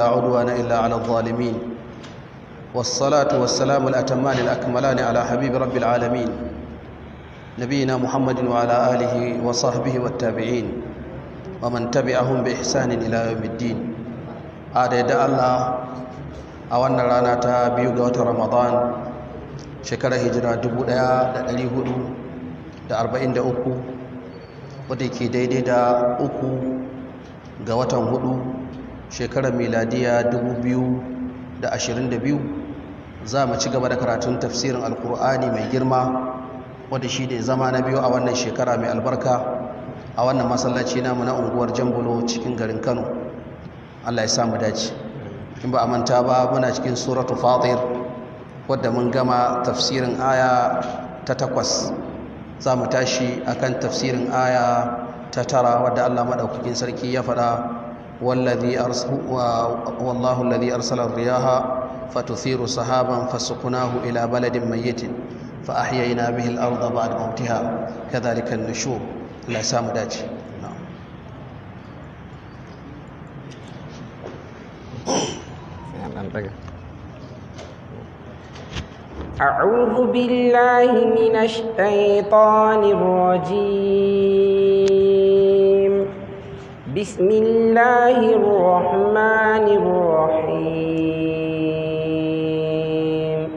لا عدوان إلا على الظالمين والصلاة والسلام الأتمان الأكملان على حبيب رب العالمين نبينا محمد وعلى آله وصحبه والتابعين ومن تبعهم بإحسان إلى يوم الدين أعداد الله أولنا لنا تابيو رمضان shekarar hijira 1443 wadda ke daidai da uku ga watan hudu shekarar miladiya 2022 za mu ci gaba da karatun tafsirin alkur'ani mai girma wadda shi ne zama na biyu a wannan shekara mai albarka a wannan masallaci namu na unguwar jambulo cikin garin kano allah ya samu dace in ba a manta ba muna cikin suratu fatir wadda mun gama tafsirin aya ta takwas za mu tashi akan tafsirin aya ta tara wadda allah maɗaukakin sarki ya faɗa والذي أرسل والله الذي أرسل الرياح فتثير سحابا فسقناه إلى بلد ميت فأحيينا به الأرض بعد موتها كذلك النشور لا سام داجي نعم أعوذ بالله من الشيطان الرجيم بسم الله الرحمن الرحيم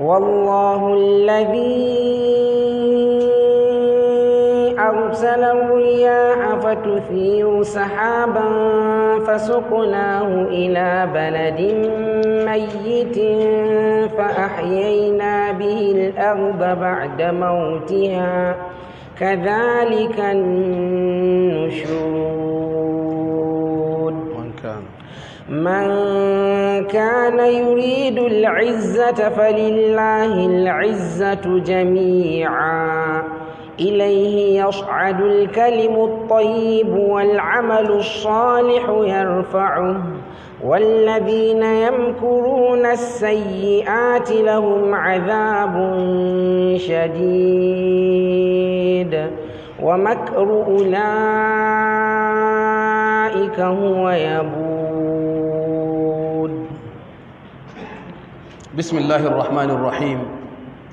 والله الذي أرسل الرياح فتثير سحابا فسقناه إلى بلد ميت فأحيينا به الأرض بعد موتها كذلك النشور من كان من كان يريد العزة فلله العزة جميعا إليه يصعد الكلم الطيب والعمل الصالح يرفعه والذين يمكرون السيئات لهم عذاب شديد مفسد ومكر أولئك هو يبود بسم الله الرحمن الرحيم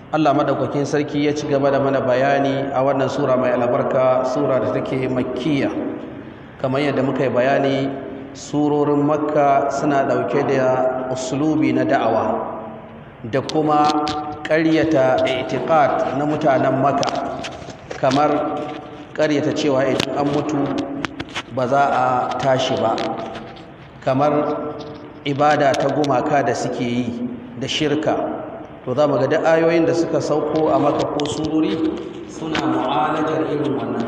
Allah madaukakin sarki ya ci gaba da mana bayani a wannan sura mai albarka sura da take makkiya kamar yadda muka yi bayani surorin makka suna dauke da uslubi na da'awa da kuma ƙaryata itiqad na mutanen makka kamar ƙaryata cewa idan an mutu ba za a tashi ba kamar ibada ta gumaka da suke yi da shirka to za mu ga duk ayoyin da suka sauko a maka ko sururi suna mu'alajar irin wannan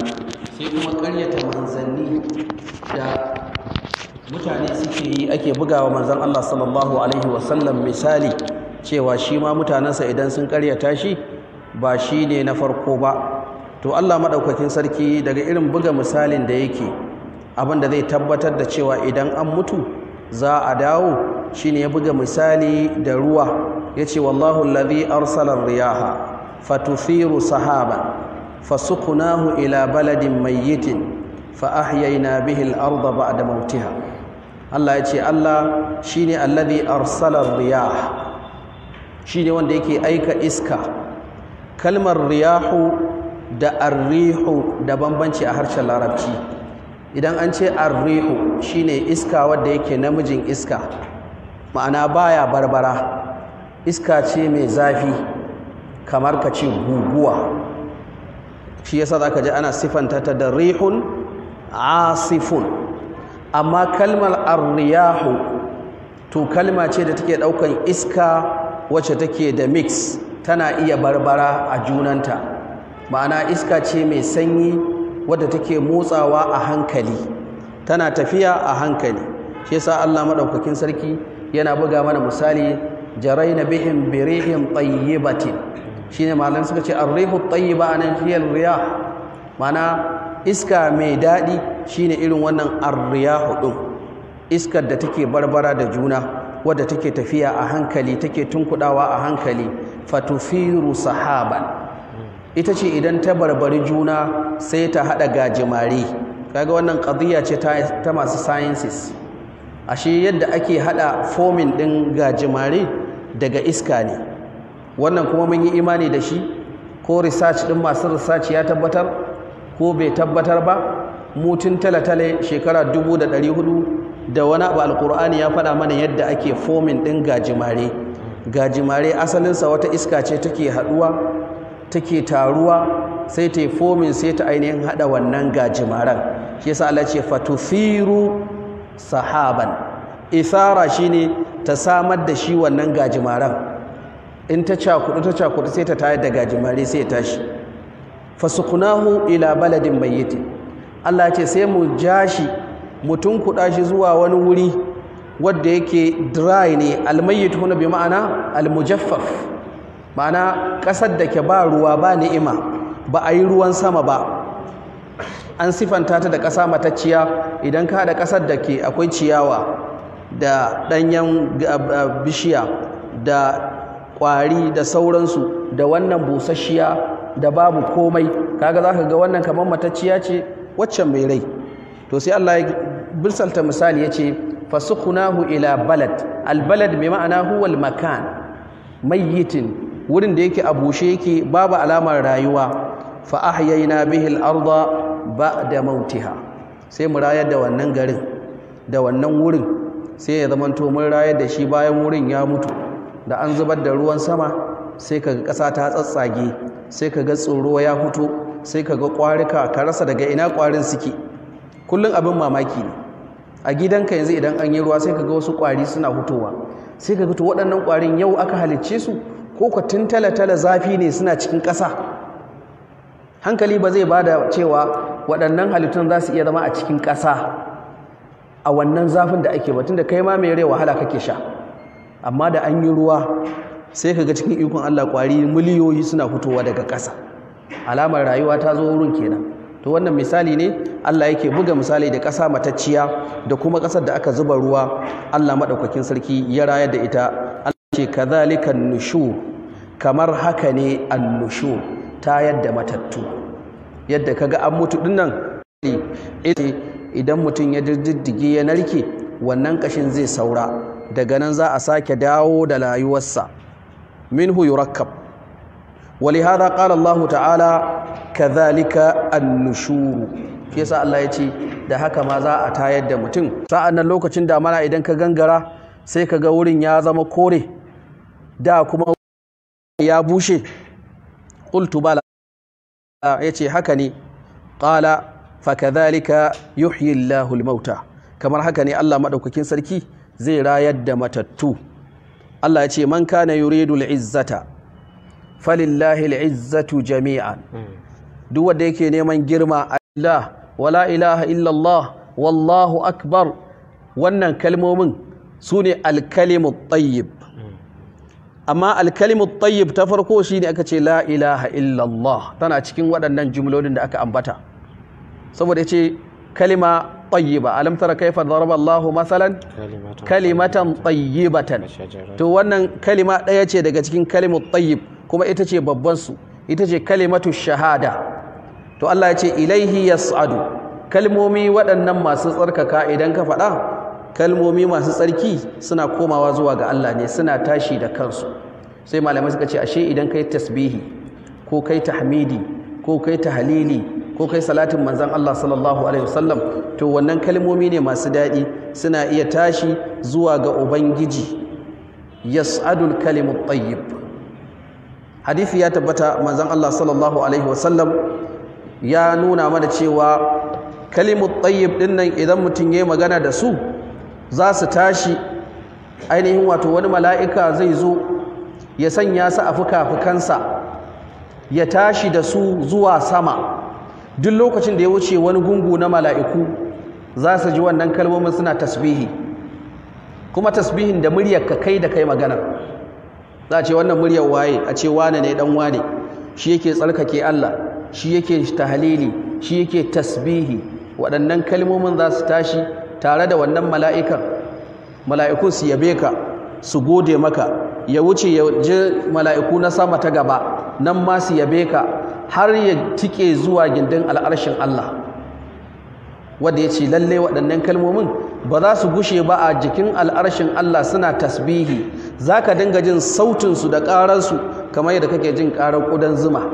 sai kuma karyata manzanni da mutane suke yi ake bugawa manzan Allah sallallahu alaihi wasallam misali cewa shi ma mutanensa idan sun karyata shi ba shi ne na farko ba to Allah madaukakin sarki daga irin buga misalin da yake abin da zai tabbatar da cewa idan an mutu za a dawo shine ya buga misali da ruwa yace wallahu allazi arsalar riyaha fatufiru sahaban fasukunahu ila baladin mayyitin fa ahyayna bihi al-ardha ba'da mautiha Allah ce Allah shine allazi arsala riyah shine wanda yake aika iska kalmar riyahu da arrihu da bambanci a harshen larabci idan an ce arrihu shine iska wadda yake namijin iska ma'ana baya barbara iska ce mai zafi kamar ka ce guguwa shi yasa zaka ji ana sifanta ta da rihun asifun amma kalmar arriyahu to kalma ce da take daukan iska wacce take da mix tana iya barbara a junanta ma'ana iska ce mai sanyi wadda take motsawa a hankali tana tafiya a hankali shi yasa Allah madaukakin sarki yana buga mana misali jaraina bihim birihin tayyibatin shine malan suka ce ar-rihu tayyiba anan hiyal riyah ma'ana iska mai daɗi shine irin wannan ar-riyahu din iskar da take barbara da juna wadda take tafiya a hankali take tunkudawa a hankali fatufiru sahaban ita ce idan ta barbari juna sai ta haɗa gajimare kaga wannan ƙadiyya ce ta masu sciences ashe yadda ake haɗa fomin ɗin gajimare daga iska ne wannan kuma mun yi imani da shi ko research ɗin masu research ya tabbatar ko bai tabbatar ba mutun talatale shekara dubu da ɗari hudu da wani abu alƙur'ani ya faɗa mana yadda ake fomin ɗin gajimare gajimare asalinsa wata iska ce take haɗuwa take taruwa sai ta yi fomin sai ta ainihin hada wannan gajimaran shi yasa Allah ce fatufiru sahaban isara shine ta samar da shi wannan gajimaran in ta cakudu ta cakudu sai ta tayar da gajimare sai ta tashi fasukunahu ila baladin mayyit Allah ce sai mu jashi mutun kuda shi zuwa wani wuri wanda yake dry ne almayyit huna bi ma'ana almujaffaf mana ƙasar da ke ba ruwa ba ni'ima ba a yi ruwan sama ba an sifanta ta da ƙasa matacciya idan ka haɗa ƙasar da ke akwai ciyawa da ɗanyen bishiya da ƙwari da sauransu da wannan busasshiya da babu komai kaga za ka ga wannan kamar matacciya ce waccan mai rai to sai Allah ya bisalta misali ya ce fasukunahu ila balad albalad mai ma'ana huwal makan mayyitin wurin da yake a bushe yake babu alamar rayuwa fa ahyayna bihi al ardha ba'da mautiha sai mu rayar da wannan garin da wannan wurin sai ya zamanto mun rayar da shi bayan wurin ya mutu da an zubar da ruwan sama sai kaga ƙasa ta tsatsage sai kaga tsoro ya fito sai kaga ƙwarika ka rasa daga ina ƙwarin suke kullum abin mamaki ne a gidanka yanzu idan an yi ruwa sai kaga wasu ƙwari suna hutowa sai kaga to waɗannan ƙwarin yau aka halicce su ko talatala tala zafi ne suna cikin ƙasa hankali ba zai ba da cewa waɗannan halittun za su iya zama a cikin ƙasa a wannan zafin da ake batun da kai ma mai rai wahala kake sha amma da an yi ruwa sai ka ga cikin ikon Allah ƙwari miliyoyi suna fitowa daga ƙasa alamar rayuwa ta zo wurin kenan to wannan misali ne Allah yake buga misali da ƙasa matacciya da kuma ƙasar da aka zuba ruwa Allah maɗaukakin sarki ya rayar da ita ce kadhalika nushu kamar haka ne annushu ta yadda matattu yadda kaga an mutu dinnan ita idan mutum ya diddige ya narke wannan kashin zai saura daga nan za a sake dawo da layuwarsa minhu yurakkab ولهذا قال الله تعالى كذلك النشور yasa Allah ya ce da haka ma za a tayar da mutum sa'annan lokacin damana idan ka gangara sai ka ga wurin ya zama kore da kuma ya bushe qultu Ya ce haka ne Ƙala. fakadhalika yuhyi Allahu mauta kamar haka ne Allah maɗaukakin sarki zai rayar da matattu Allah yace man kana yuridu al falillahi al jami'an hmm. duk wanda yake neman girma Allah wala ilaha illallah wallahu akbar wannan kalmomin su ne alkalimu tayyib amma alkalimut tayyib ta farko shine aka ce la ilaha illallah tana cikin waɗannan jumlolin da aka ambata saboda yace kalima tayyiba alam tara kaifa daraba Allahu masalan kalimatan tayyibatan to wannan kalima ɗaya ce daga cikin kalimu tayyib kuma ita ce babban su ita ce kalimatu shahada to Allah ya ce ilaihi yas'adu kalmomi waɗannan masu tsarkaka idan ka faɗa kalmomi masu tsarki suna komawa zuwa ga Allah ne suna tashi da kansu sai malamai suka ce ashe idan kai tasbihi ko kai tahmidi ko kai tahlili ko kai salatin manzon Allah sallallahu alaihi wasallam to wannan kalmomi ne masu dadi suna iya tashi zuwa ga ubangiji yas'adul kalimut tayyib hadisi ya tabbata manzon Allah sallallahu alaihi wasallam ya nuna mana cewa kalimut tayyib din nan idan mutum yayi magana da su za su tashi ainihin wato wani mala'ika zai zo ya sanya su a fuka-fukansa ya tashi da su zuwa sama duk lokacin da ya wuce wani gungu na mala'iku za su ji wannan kalmomin suna tasbihi kuma tasbihin da muryar ka kai da kai magana za a ce wannan muryar waye a ce wane ne dan wane shi yake tsarkake Allah shi yake tahalili shi yake tasbihi waɗannan kalmomin za su tashi tare da wannan mala'ikan mala'iku su yabe ka su gode maka ya wuce ya je mala'iku na sama ta gaba nan ma su yabe ka har ya tike zuwa gindin al'arshin Allah wadda ya ce lalle waɗannan kalmomin ba za su gushe ba a jikin al'arshin Allah suna tasbihi za ka dinga jin sautinsu da ƙararsu kamar yadda kake jin ƙarar ƙudan zuma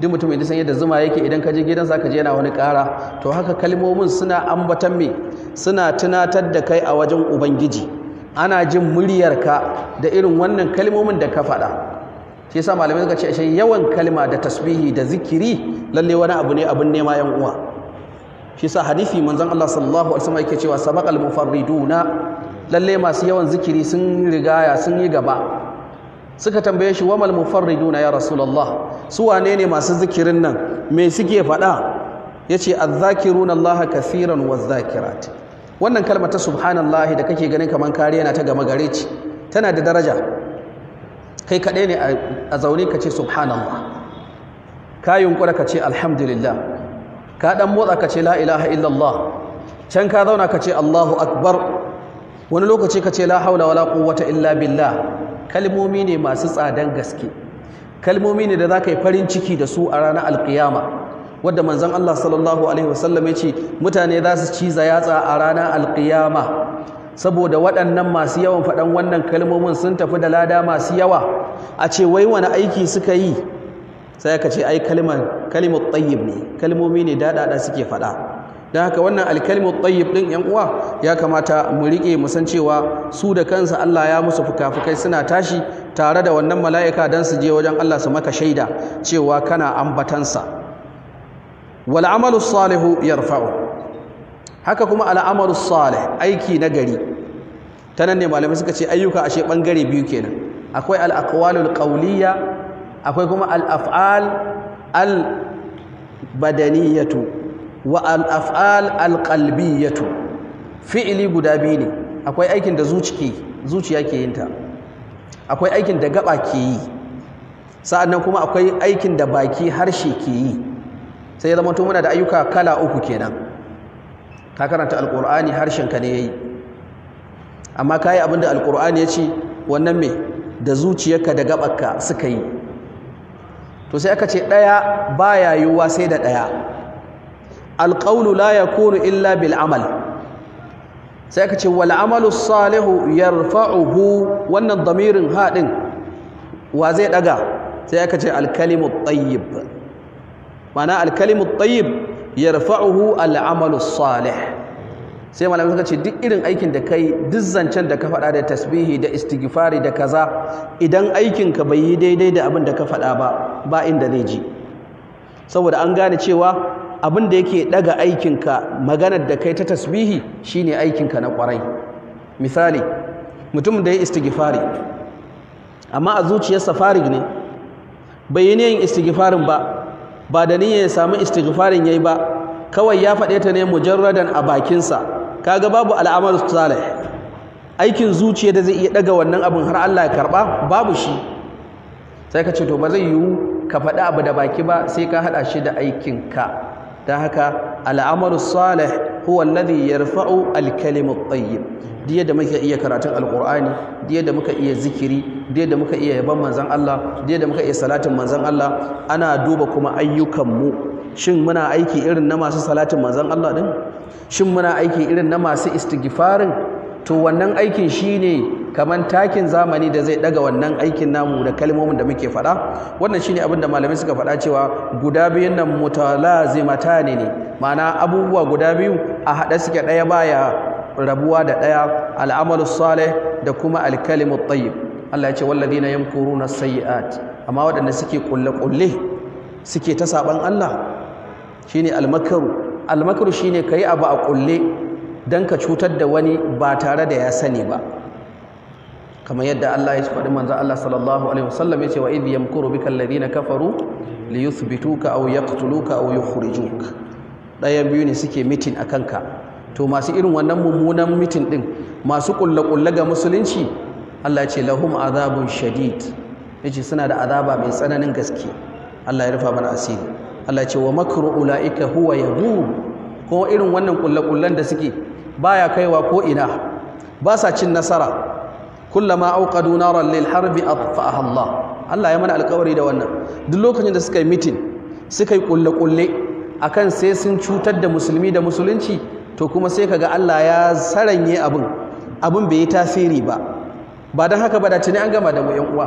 duk mutum idan san yadda zuma yake idan ka je gidansa ka je yana wani ƙara to haka kalmomin suna ambatan me suna tunatar da kai a wajen ubangiji ana jin muryarka da irin wannan kalmomin da ka faɗa shi yasa malamai suka ce ashe yawan kalma da tasbihi da zikiri lalle wani abu ne abin nema yan uwa shi yasa hadisi manzon Allah sallallahu alaihi wasallam yake cewa sabaqal mufarriduna lalle masu yawan zikiri sun rigaya sun yi gaba suka tambaye shi wamal mufarriduna ya rasulullah su wane ne masu zikirin nan me suke faɗa yace azzakiruna allaha wa zakirat. wannan kalma ta subhanallahi da kake ganin kamar kariya na ta gama gare ci tana da daraja kai kaɗai ne a zaune ka ce subhanallah ka yunkura ka ce alhamdulillah ka ɗan motsa ka ce la ilaha illallah can ka zauna ka ce allahu akbar wani lokaci ka ce la haula wala quwwata illa billah kalmomi ne masu tsadan gaske kalmomi ne da za ka yi farin ciki da su a ranar alkiyama wadda manzon Allah sallallahu alaihi wasallam ya ce mutane za su ciza yatsa a ranar alkiyama saboda waɗannan masu yawan faɗan wannan kalmomin sun tafi da lada masu yawa a ce wai wani aiki suka yi sai ka ce ai kalimar kalimar tayyib ne kalmomi ne daɗaɗa suke faɗa Don haka wannan alkalmu tayyib ɗin yan uwa ya kamata mu rike mu san cewa su da kansa Allah ya musu fuka-fukai suna tashi tare da wannan mala'ika dan su je wajen Allah su maka shaida cewa kana ambatansa wal amalu salihu yarfa'u haka kuma al salih aiki nagari ta nan ne malamai suka ce ayyuka ashe bangare biyu kenan akwai alakwalul aqwalul akwai kuma al af'al al badaniyatu wa al'af'al alƙalbi ya fi'ili guda biyu ne akwai aikin da zuciya ke yin akwai aikin da gaba ke yi sa'annan kuma akwai aikin da baki harshe ke yi sai ya zama to muna da ayyuka kala uku kenan ka karanta alƙul'ani harshen ka ne yi. amma ka abin da abinda ya ce, wannan me da zuciyarka da gabarka suka yi to sai aka ce ɗaya baya yiwuwa sai da ɗaya. alƙaunu la ya kunu illa bil amal sai ka ce wal amalu salihu yarfa'uhu wannan damirin haɗin wa zai ɗaga sai ka ce alkalimu tayyib mana alkalimu tayyib yarfa'uhu al amalu salih sai malamai suka ce duk irin aikin da kai duk zancen da ka faɗa da tasbihi da istighfari da kaza idan aikinka bai yi daidai da abin da ka faɗa ba ba inda zai ji saboda an gane cewa abin da yake daga aikinka maganar da kai ta tasbihi shine aikinka na kwarai misali mutum da ya istighfari amma a zuciyarsa farig ne bai yi yin istighfarin ba ba da niyyar ya samu istighfarin yayi ba kawai ya faɗe ta ne mujarradan a bakinsa kaga babu al'amal salih aikin zuciya da zai iya daga wannan abin har Allah ya karɓa, babu shi sai ka ce to ba zai yiwu ka faɗi abu da baki ba sai ka haɗa shi da aikinka Ta haka al'amalu salih huwa alladhi yarfa'u al-kalimu tayyib diya da muka iya karatun alqur'ani diya da muka iya zikiri diya da muka iya yaban manzon Allah diya da muka iya salatin manzon Allah ana duba kuma ayyukan mu shin muna aiki irin na masu salatin manzon Allah din shin muna aiki irin na masu istighfarin to wannan aikin shine kamar takin zamani da zai daga wannan aikin namu da kalmomin da muke faɗa wannan shine abin da malamai suka fada cewa guda biyun nan mutalazimatani ne ma'ana abubuwa guda biyu a haɗe suke ɗaya baya rabuwa da ɗaya al'amalu salih da kuma alkalimu tayyib Allah ya ce walladina yamkuruna sayyi'at amma waɗanda suke kulle kulle suke ta saban Allah shine almakaru almakaru shine kai abu a kulle don ka cutar da wani ba tare da ya sani ba kamar yadda Allah ya faɗi manzo Allah sallallahu alaihi wasallam yace wa idh yamkuru bika alladhina kafaru li yuthbituka aw yaqtuluka aw yukhrijuk daya biyu ne suke mitin akan ka to masu irin wannan mummunan mitin din masu kulla kulla ga musulunci Allah ya ce lahum azabun shadid yace suna da azaba mai tsananin gaske Allah ya rufa mana asiri Allah ya ce wa makru ulaika huwa yabur ko irin wannan kulla kullan da suke baya kaiwa ko ina ba sa cin nasara kullama auqadu naran lil harbi atfa'aha Allah Allah ya mana alƙawari da wannan duk lokacin da suka yi mitin suka yi kulle kulle akan sai sun cutar da musulmi da musulunci to kuma sai kaga Allah ya saranye abin abin bai yi tasiri ba ba don haka ba da tuni an gama da mu yan uwa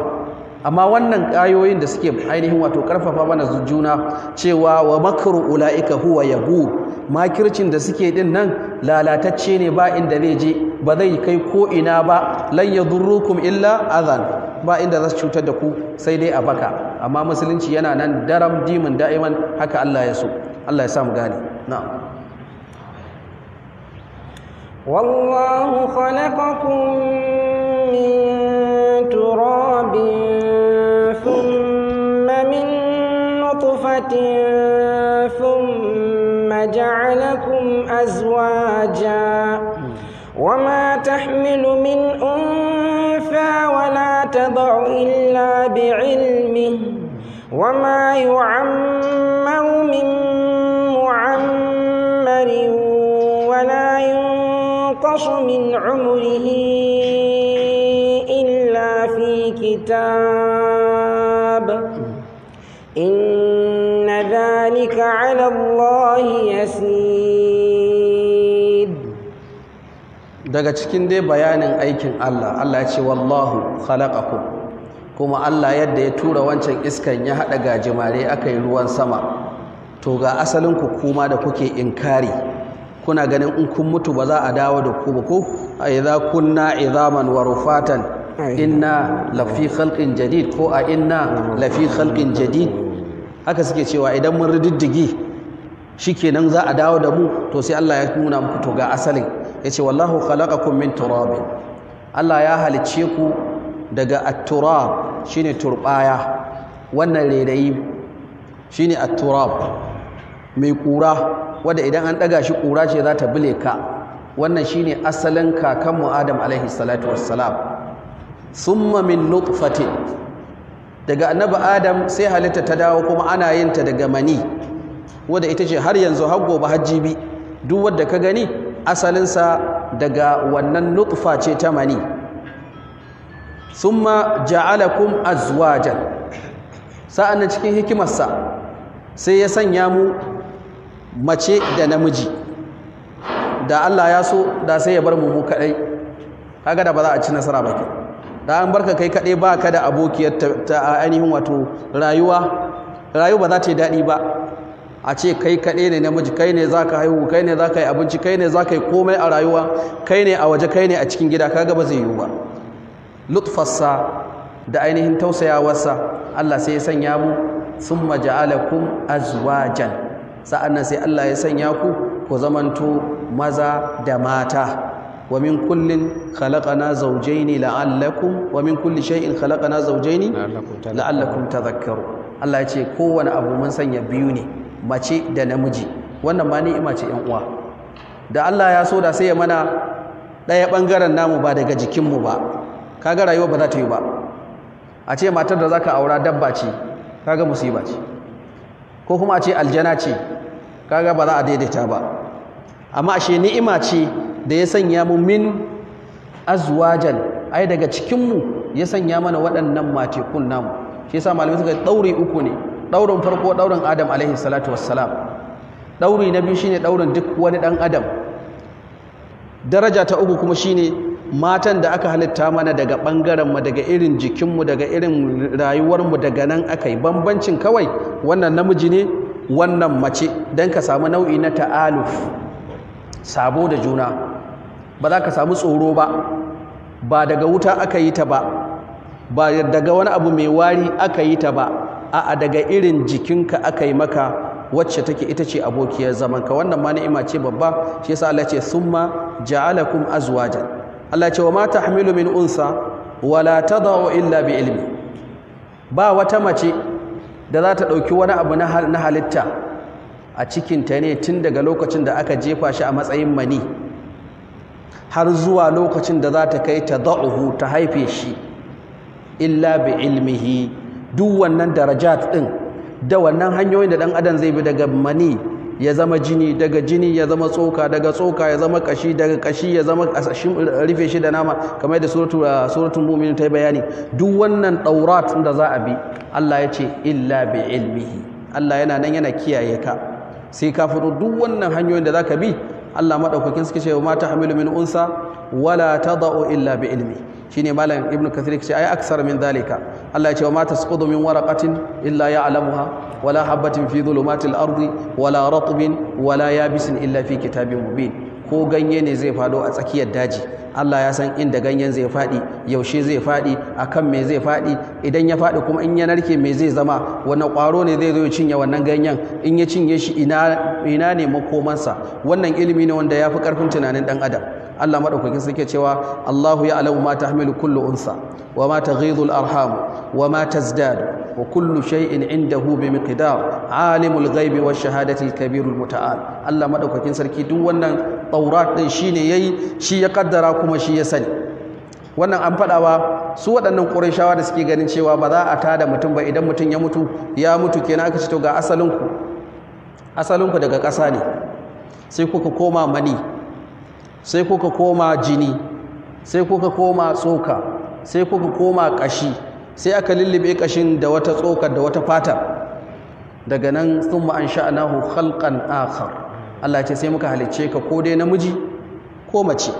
amma wannan kayoyin da suke ainihin wato karfafa mana juna cewa wa makru ulaika huwa yabu makircin da suke din nan lalatacce ne ba inda zai je ba zai kai ko ina ba lan yadurrukum illa adhan ba inda za su cutar da ku sai dai a baka amma musulunci yana nan daram dimin da'iman haka Allah ya so Allah ya sa mu gane na'am والله خلقكم من تراب ثم جعلكم أزواجا وما تحمل من أنفا ولا تضع إلا بعلمه وما يعمر من معمر ولا ينقص من عمره إلا في كتاب ذلك على الله يسير daga cikin dai bayanin aikin Allah Allah ya ce wallahu khalaqakum kuma Allah yadda ya tura wancan iskan ya hada gajimare aka ruwan sama to ga asalin ku kuma da kuke inkari kuna ganin in kun mutu ba za a dawo da ku ba ko a kunna idhaman wa rufatan inna lafi khalqin jadid ko a inna lafi khalqin jadid haka suke cewa idan mun rididdigi shikenan za a dawo da mu to sai Allah ya nuna muku to ga asalin ce wallahu khalaqakum min turab Allah ya halicce ku daga at-turab shine turbaya wannan redayi shine at-turab mai kura wanda idan an daga shi kura ce za ta bile ka wannan shine asalin kakanmu Adam alaihi salatu wassalam summa min nutfatin daga annabi adam sai halitta ta dawo kuma ana yin ta daga mani wanda ita ce har yanzu har gobe Hajji bi. duk wadda ka gani asalinsa daga wannan nutfa ce ta mani summa ja'alakum azwajan sa'annan cikin hikimarsa sai ya sanya mu mace da namiji da Allah ya so da sai ya bar mu mu kadai kaga da ba za a ci nasara ba kenan da an barka kai kaɗai ba ka da abokiyar ta ainihin wato rayuwa rayuwa ba za ta yi daɗi ba a ce kai kaɗai ne namiji kai ne za ka haihu kai ne za ka yi abinci kai ne za ka yi komai a rayuwa kai ne a waje kai ne a cikin gida ka gaba zai yiwu ba lutfarsa da ainihin tausayawarsa Allah sai ya sanya mu sun maja'alakum azwajan nan sai Allah ya sanya ku ku zamanto maza da mata wa min kullin زوجين لعلكم ومن كل شيء kulli زوجين لعلكم تذكروا الله tadhakkaru Allah ya ce kowane abu mun sanya biyu ne mace da namiji wannan ma ni'ima ce yan uwa da Allah ya so da sai ya mana ɗaya ɓangaren namu ba daga jikinmu ba kaga rayuwa ba za ta yi ba a ce matar da zaka aura dabba ce kaga musiba ce ko kuma a ce aljana ce kaga ba za a daidaita ba amma ashe ni'ima ce da ya sanya mu min azwajan ai daga cikinmu ya sanya mana waɗannan matekun namu shi yasa malamai suka daure uku ne ɗaurin farko ɗaurin adam alaihi salatu wassalam ɗauri na biyu shine ɗaurin duk wani dan adam daraja ta uku kuma shine matan da aka halitta mana daga mu, daga irin jikinmu daga irin rayuwarmu daga nan akai bambancin kawai wannan namiji ne wannan mace dan ka samu nau'i na ta'aluf sabo da juna ba za ka samu tsoro ba ba daga wuta aka yi ta ba ba daga wani abu mai wari aka yi ta ba a'a daga irin jikinka aka yi maka wacce take ita ce abokiyar zamanka wannan ma ni'ima ce babba shi yasa Allah ce summa ja'alakum azwajan Allah ce wa ma tahmilu min unsa wala tadau illa bi ilmi ba wata mace da za ta ɗauki wani abu na halitta a cikin ta ne tun daga lokacin da aka jefa shi a matsayin mani har zuwa lokacin da za ta kai ta za'uhu ta haife shi illa bi ilmihi duk wannan darajat din. da wannan hanyoyin da dan adam zai bi daga mani ya zama jini daga jini ya zama tsoka daga tsoka ya zama kashi daga kashi ya zama rufe shi da nama kamar yadda uh, suratul mu'minin ta yi bayani duk wannan daurat da za a bi Allah ya ce illa bi ilmihi Allah yana nan yana kiyaye ka sai ka fito duk wannan hanyoyin da zaka bi Allah madaukakin suke cewa mata hamilu min unsa wala tada'u illa bi ilmi shine malam ibnu kathir ce ai aksar min zalika Allah ya ce mata tasqudu min waraqatin illa ya'lamuha wala habatin fi dhulumatil ardi wala ratbin wala yabisin illa fi kitabin mubin ko ganye ne zai fado a tsakiyar daji Allah ya san inda ganyen zai faɗi yaushe zai faɗi akan me zai faɗi idan ya faɗi kuma in ya narke me zai zama wannan ƙwaro ne zai zo ya cinye wannan ganyen in ya cinye shi ina ina ne makomansa wannan ilimi ne wanda ya fi ƙarfin tunanin ɗan adam Allah maɗaukakin suke cewa Allahu ya alamu ma tahmilu kullu unsa wa ma taghidul arham wa ma tazdadu وكل شيء عنده بمقدار عالم الغيب والشهادة الكبير المتعال الله ما Allah كين سركي دو wannan taurat din shine yayi shi ya kaddara kuma shi ya sani wannan an fadawa su waɗannan qurayshawa da suke ganin cewa ba za a tada mutum ba idan mutum ya mutu ya mutu kenan aka ce to ga asalin ku asalin ku daga ƙasa ne sai kuka koma mani sai kuka koma jini sai kuka koma tsoka sai kuka koma ƙashi sai aka lullube kashin da wata tsokar da wata fata daga nan sun thumma ansha'nahu halkan akhar Allah ce sai muka halicce ka ko dai namiji ko mace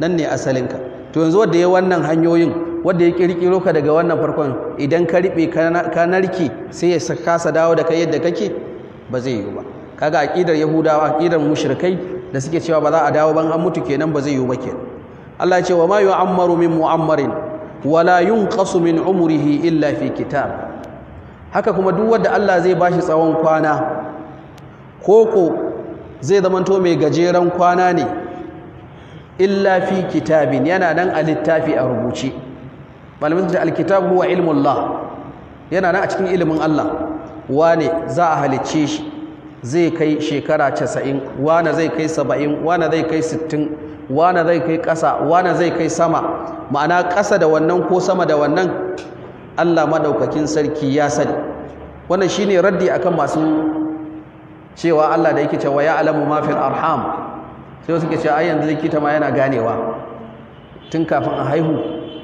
nan ne asalinka to yanzu wadda ya wannan hanyoyin wadda ya kirkiro ka daga wannan farkon idan ka riɓe ka narki sai ya kasa dawo da kai yadda kake ba zai yiwu ba kaga aqidar yahudawa aqidar mushrikai da suke cewa ba za a dawo ban an mutu kenan ba zai yiwu ba kenan Allah ya ce wa ma yu'ammaru min mu'ammarin wala yunqasu min umrihi illa fi kitab haka kuma duk wadda Allah zai bashi tsawon kwana koko zai zamanto mai gajeren kwana ne illa fi kitabin yana nan a littafi a rubuce malamin da alkitab huwa ilmullah yana nan a cikin ilimin Allah wane za a halicce shi zai kai shekara 90 wane zai kai 70 wane zai kai 60 wane zai kai ƙasa wane zai kai sama ma'ana ƙasa da wannan ko sama da wannan Allah madaukakin sarki ya sani wannan shine raddi akan masu cewa Allah da yake cewa ya alamu ma arham sai suke cewa ai yanzu likita ma yana ganewa tun kafin a haihu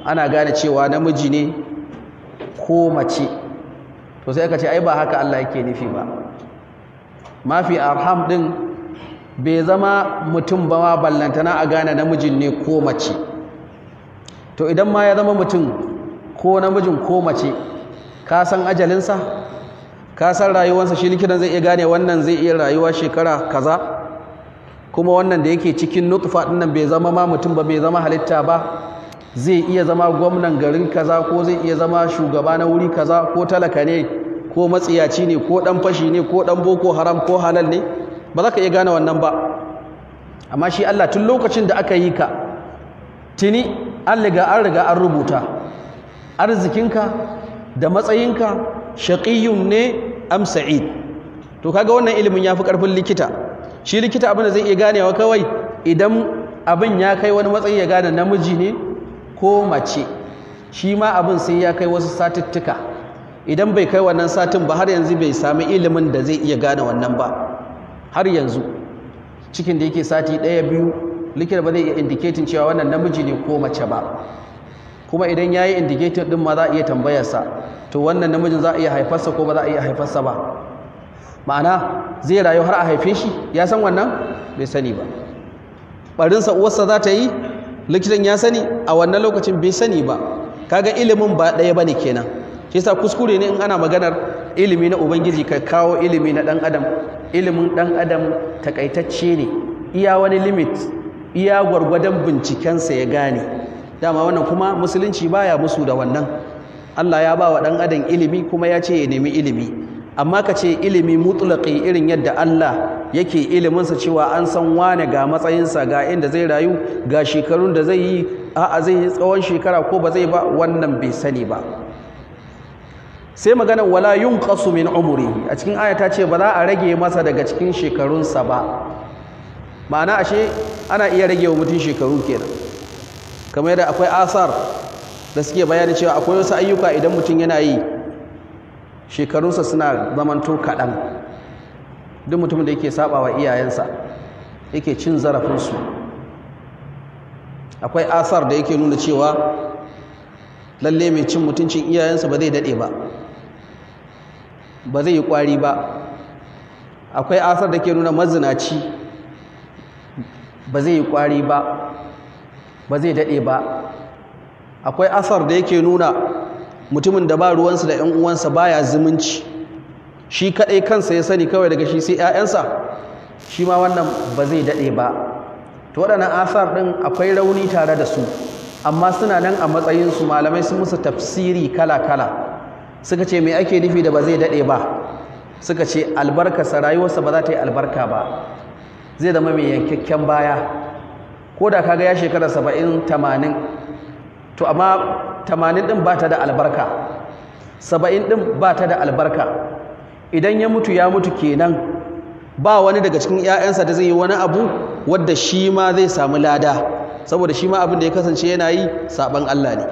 ana gane cewa namiji ne ko mace to sai aka ce ai ba haka Allah yake nufi ba mafi arham din bai zama mutum ba ma ballantana a gane namijin ne ko mace to idan ma ya zama mutum ko namijin ko mace ka san ajalinsa ka san rayuwarsa shi likitan zai iya gane wannan zai iya rayuwa shekara kaza kuma wannan da yake cikin nutfa nan bai zama ma mutum ba bai zama halitta ba zai iya zama gwamnan garin kaza ko zai iya zama shugaba na wuri kaza ko talaka ne ko matsiyaci ne ko dan fashi ne ko dan boko haram ko halal ne ba za ka iya gane wannan ba amma shi Allah tun lokacin da aka yi ka tuni an riga an riga an rubuta arzikinka da matsayinka shaqiyun ne am sa'id to kaga wannan ilimin yafi karfin likita shi likita abin da zai iya ganewa kawai idan abin ya kai wani matsayi ya gane namiji ne ko mace shi ma abin sai ya kai wasu satuttuka idan bai kai wannan satin ba har yanzu bai sami ilimin da zai iya gane wannan ba har yanzu cikin da yake sati ɗaya biyu likita ba zai iya indiketin cewa wannan namiji ne ko mace ba kuma idan ya yi indiketin ɗin ma za a iya tambayarsa to wannan namijin za a iya haifarsa ko ba za a iya haifarsa ba ma'ana zai rayu har a haife shi ya san wannan bai sani ba Ɓarinsa uwarsa za ta yi likitan ya sani a wannan lokacin bai sani ba kaga ilimin ba ɗaya ba ne kenan shi yasa kuskure ne in ana maganar ilimi na ubangiji ka kawo ilimi na ɗan adam ilimin ɗan adam takaitacce ne iya wani limit iya gwargwadon bincikensa ya gane dama wannan kuma musulunci baya musu da wannan Allah ya ba wa ɗan adam ilimi kuma ya ce ya nemi ilimi amma ka ce ilimi mutulaƙi irin yadda Allah yake iliminsa cewa an san wane ga matsayinsa ga inda zai rayu ga shekarun da zai yi a'a zai yi tsawon shekara ko ba zai ba wannan bai sani ba sai magana wala yunqasu min umri a cikin ayata ta ce ba za a rage masa daga cikin shekarunsa ba ma'ana ashe ana iya rage wa mutum shekaru kenan kamar yadda akwai asar da suke bayani cewa akwai wasu ayyuka idan mutum yana yi shekarunsa suna zamanto kaɗan duk mutum da yake saba wa iyayensa yake cin zarafinsu akwai asar da yake nuna cewa lalle mai cin mutuncin iyayensa ba zai daɗe ba ba zai yi kwari ba akwai asar da ke nuna mazinaci ba zai yi kwari ba ba zai daɗe ba akwai asar da yake nuna mutumin da ba ruwansa da 'yan uwansa baya zumunci shi kaɗai kansa ya sani kawai daga shi sai 'ya'yansa shi ma wannan ba zai daɗe ba to waɗannan asar ɗin akwai rauni tare da su amma suna nan a matsayinsu malamai sun musu tafsiri kala-kala suka ce me ake nufi da ba zai daɗe ba suka ce albarkarsa rayuwarsa ba za ta yi albarka ba zai zama mai yankakken baya ko da kaga ya shekara saba'in tamanin to amma tamanin ɗin ba ta da albarka saba'in ɗin ba ta da albarka idan ya mutu ya mutu kenan ba wani daga cikin 'ya'yansa da zai yi wani abu wadda shi ma zai samu lada saboda shi ma abin da ya kasance yana yi saɓan Allah ne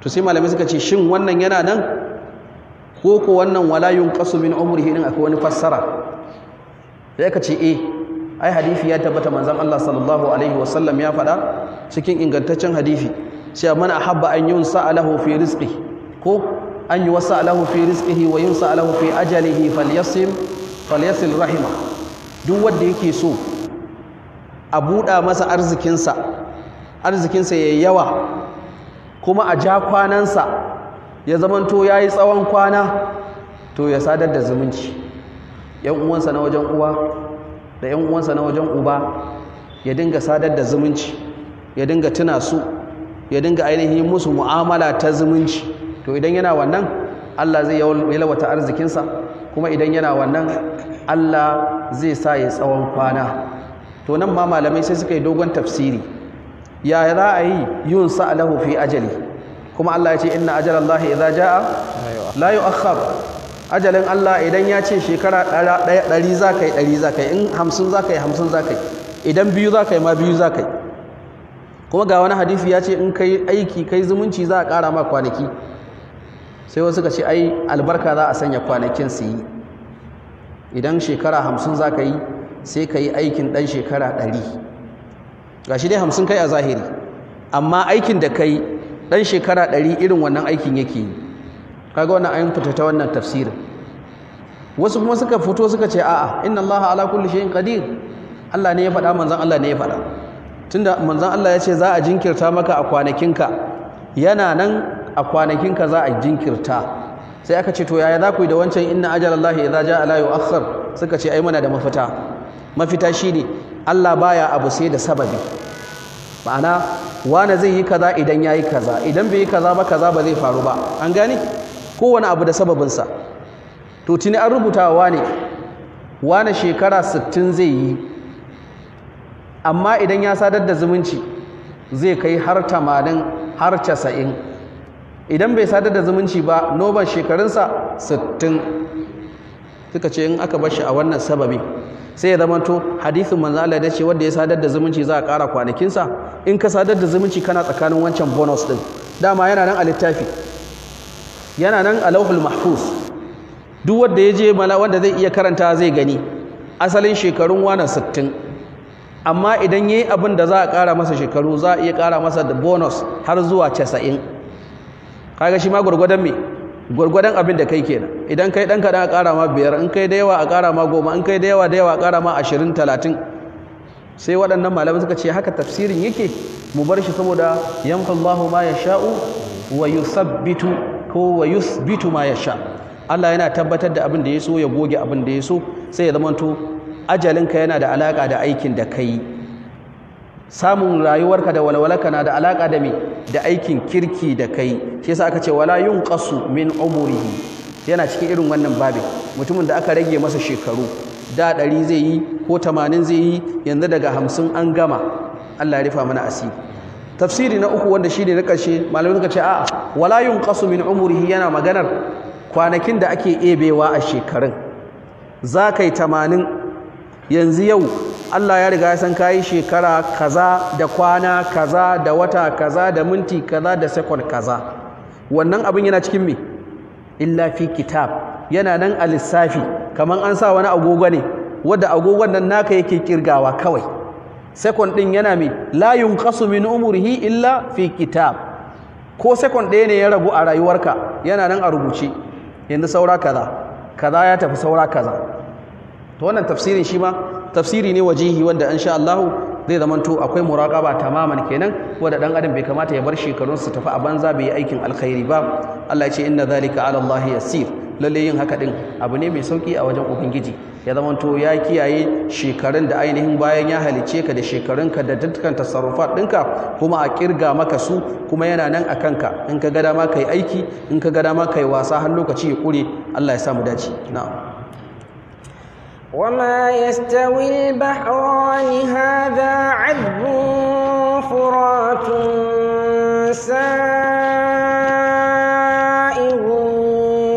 to sai malami suka ce shin wannan yana nan ko ko wannan wala yunqasu min umrihi din akwai wani fassara sai ka ce eh ai hadisi ya tabbata manzon Allah sallallahu alaihi wasallam ya faɗa cikin ingantaccen hadisi sai man ahabba an yunsa alahu fi rizqi ko an yi wasa alahu fi rizqihi wa yunsa alahu fi ajalihi falyasim falyasil rahima duk wanda yake so a buɗa masa arzikinsa arzikinsa ya yawa kuma a ja kwanansa ya to ya yi tsawon kwana to ya sadar da zumunci ‘yan uwansa na wajen uwa da ‘yan uwansa na wajen uba ya dinga sadar da zumunci ya dinga tuna su ya dinga ainihin musu mu'amala ta zumunci to idan yana wannan Allah zai yalwata arzikinsa kuma idan yana wannan Allah zai sa ya tsawon kwana to nan ma malamai sai suka yi dogon tafsiri ya za a yi yun sa'alahu fi ajali kuma Allah ya ce inna ajalallahi idza jaa la yu'akhkhar ajalin Allah idan ya ce shekara ɗari za ka yi ɗari za ka yi in hamsin za ka yi hamsin za ka yi idan biyu za ka yi ma biyu za ka yi kuma ga wani hadisi ya ce in ka yi aiki kai zumunci za a ƙara ma kwanaki sai wasu ka ce ai albarka za a sanya kwanakin su yi idan shekara hamsin za ka yi sai ka yi aikin ɗan shekara ɗari gashi dai hamsin kai a zahiri amma aikin da kai ɗan shekara ɗari irin wannan aikin yake yi kaga wannan ayin fita ta wannan tafsirin wasu kuma suka fito suka ce a'a inna allaha ala kulli shay'in qadir Allah ne ya faɗa manzon Allah ne ya faɗa tunda manzon Allah ya ce za a jinkirta maka a kwanakinka yana nan a kwanakinka za a jinkirta sai aka ce to yaya za ku yi da wancan inna ajalallahi idza jaa la yu'akhkhar suka ce ai muna da mafita mafita shine Allah baya abu sai da sababi ma'ana wane zai yi kaza idan ya yi kaza idan bai yi kaza ba kaza ba zai faru ba an gane kowane abu da sababinsa to tuni an rubuta wane wane shekara 60 zai yi amma idan ya sadar da zumunci zai kai har 80 har 90 idan bai sadar da zumunci ba noban shekarunsa 60 suka ce in aka bar shi a wannan sababi sai ya zamanto hadithin manzo Allah ya ce wanda ya sadar da zumunci za a ƙara kwanakinsa in ka sadar da zumunci kana tsakanin wancan bonus din dama yana nan a littafi yana nan a lauhul mahfuz duk wanda ya je mala wanda zai iya karanta zai gani asalin shekarun wana 60 amma idan yayi abin da za a ƙara masa shekaru za a iya ƙara masa da bonus har zuwa 90 kaga shi ma gurgurdan me gwargwadon abin da kai kenan idan kai ɗan kaɗan a ƙara ma biyar in kai da yawa a ƙara ma goma in kai da yawa da yawa a ƙara ma ashirin talatin sai waɗannan malamai suka ce haka tafsirin yake mu bar shi saboda yamfa Allahu ma ya sha'u wa yusabbitu ko wa yusbitu ma ya sha Allah yana tabbatar da abin da ya so ya goge abin da ya so sai ya zamanto ajalinka yana da alaƙa da aikin da ka samun rayuwarka da walwalarka na da alaka da mai da aikin kirki da kai shi yasa aka ce wala yunqasu min umurihi yana cikin irin wannan babin mutumin da aka rage masa shekaru da ɗari zai yi ko tamanin zai yi yanzu daga hamsin an gama Allah ya rufa mana asiri tafsiri na uku wanda shine na ƙarshe malamai suka ce a'a wala yunqasu min umurihi yana maganar kwanakin da ake ebewa a shekarun za ka yi tamanin yanzu yau Allah ya riga ya san kayi shekara kaza da kwana kaza da wata kaza da minti kaza da sekon kaza wannan abin yana cikin me illa fi kitab yana nan a lissafi kamar an sa wani agogo ne wadda agogon nan naka yake kirgawa kawai sekon din yana me la yunqasu min umrihi illa fi kitab ko sekon ɗaya ne ya rabu a rayuwarka yana nan a rubuce yanzu saura kaza kaza ya tafi saura kaza to wannan tafsirin shi ma tafsiri ne wajihi wanda insha Allah zai zamanto akwai muraqaba tamaman kenan wanda dan adam bai kamata ya bar shekarun su tafi a banza bai yi aikin alkhairi ba Allah ya ce inna zalika ala Allah yasir lalle yin haka din abu ne mai sauki a wajen ubangiji ya zamanto ya kiyaye shekarun da ainihin bayan ya halice ka da shekarun ka da dukkan tasarrufat ka kuma a kirga maka su kuma yana nan a kanka in ka ga dama kai aiki in ka ga dama kai wasa har lokaci ya kure Allah ya sa mu dace na'am وما يستوي البحران هذا عذب فرات سائغ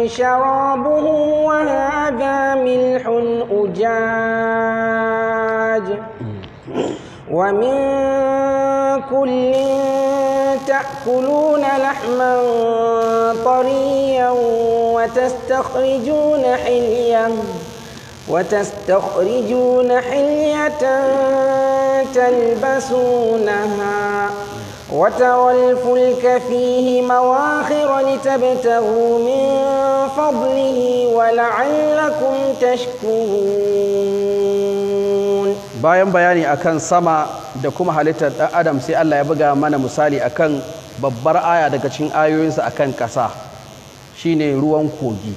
شرابه وهذا ملح أجاج ومن كل تأكلون لحما طريا وتستخرجون حليا وتستخرجون حلية تلبسونها وترى الفلك فيه مواخر لتبتغوا من فضله ولعلكم تشكرون bayan bayani akan sama da kuma halittar ɗan adam sai Allah ya buga mana misali akan babbar aya daga cikin ayoyinsa akan ƙasa shine ruwan kogi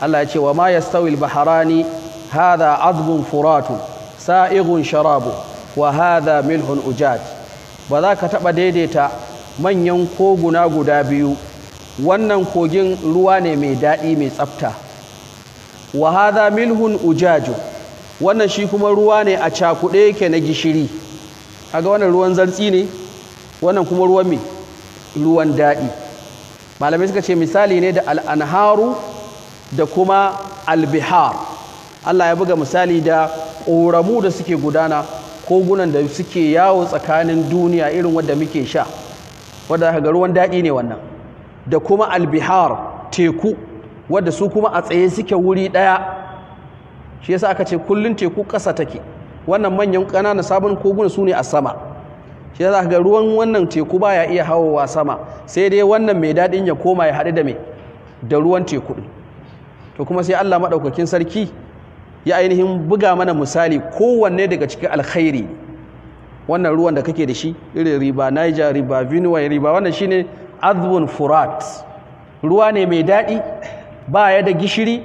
Allah ya ce wa ma yastawil baharani hadha azbun furatu sa'igun sharabu wa hadha milhun ujaj ba za ka taɓa daidaita manyan koguna guda biyu wannan kogin ruwa ne mai daɗi mai tsafta wa hadha milhun ujaju wannan shi kuma ruwa ne a cakuɗe yake na gishiri kaga wannan ruwan zartsi ne wannan kuma ruwan me ruwan daɗi malamai suka ce misali ne da al'anharu da kuma albihar Allah ya buga misali da ƙoramu da suke gudana kogunan da suke yawo tsakanin duniya irin wadda muke sha wadda ga ruwan daɗi ne wannan da kuma albihar teku wadda su kuma a tsaye suke wuri ɗaya shi yasa aka ce kullun teku ƙasa take wannan manyan ƙananan sabon koguna su ne a sama shi yasa ga ruwan wannan teku baya iya hawowa sama sai dai wannan mai daɗin ya koma ya haɗu da mai da ruwan teku to kuma sai Allah maɗaukakin sarki ya ainihin buga mana misali kowanne daga cikin alkhairi wannan ruwan da kake da shi irin riba niger riba benue riba wannan shine azbun furat ruwa ne mai daɗi ba ya da gishiri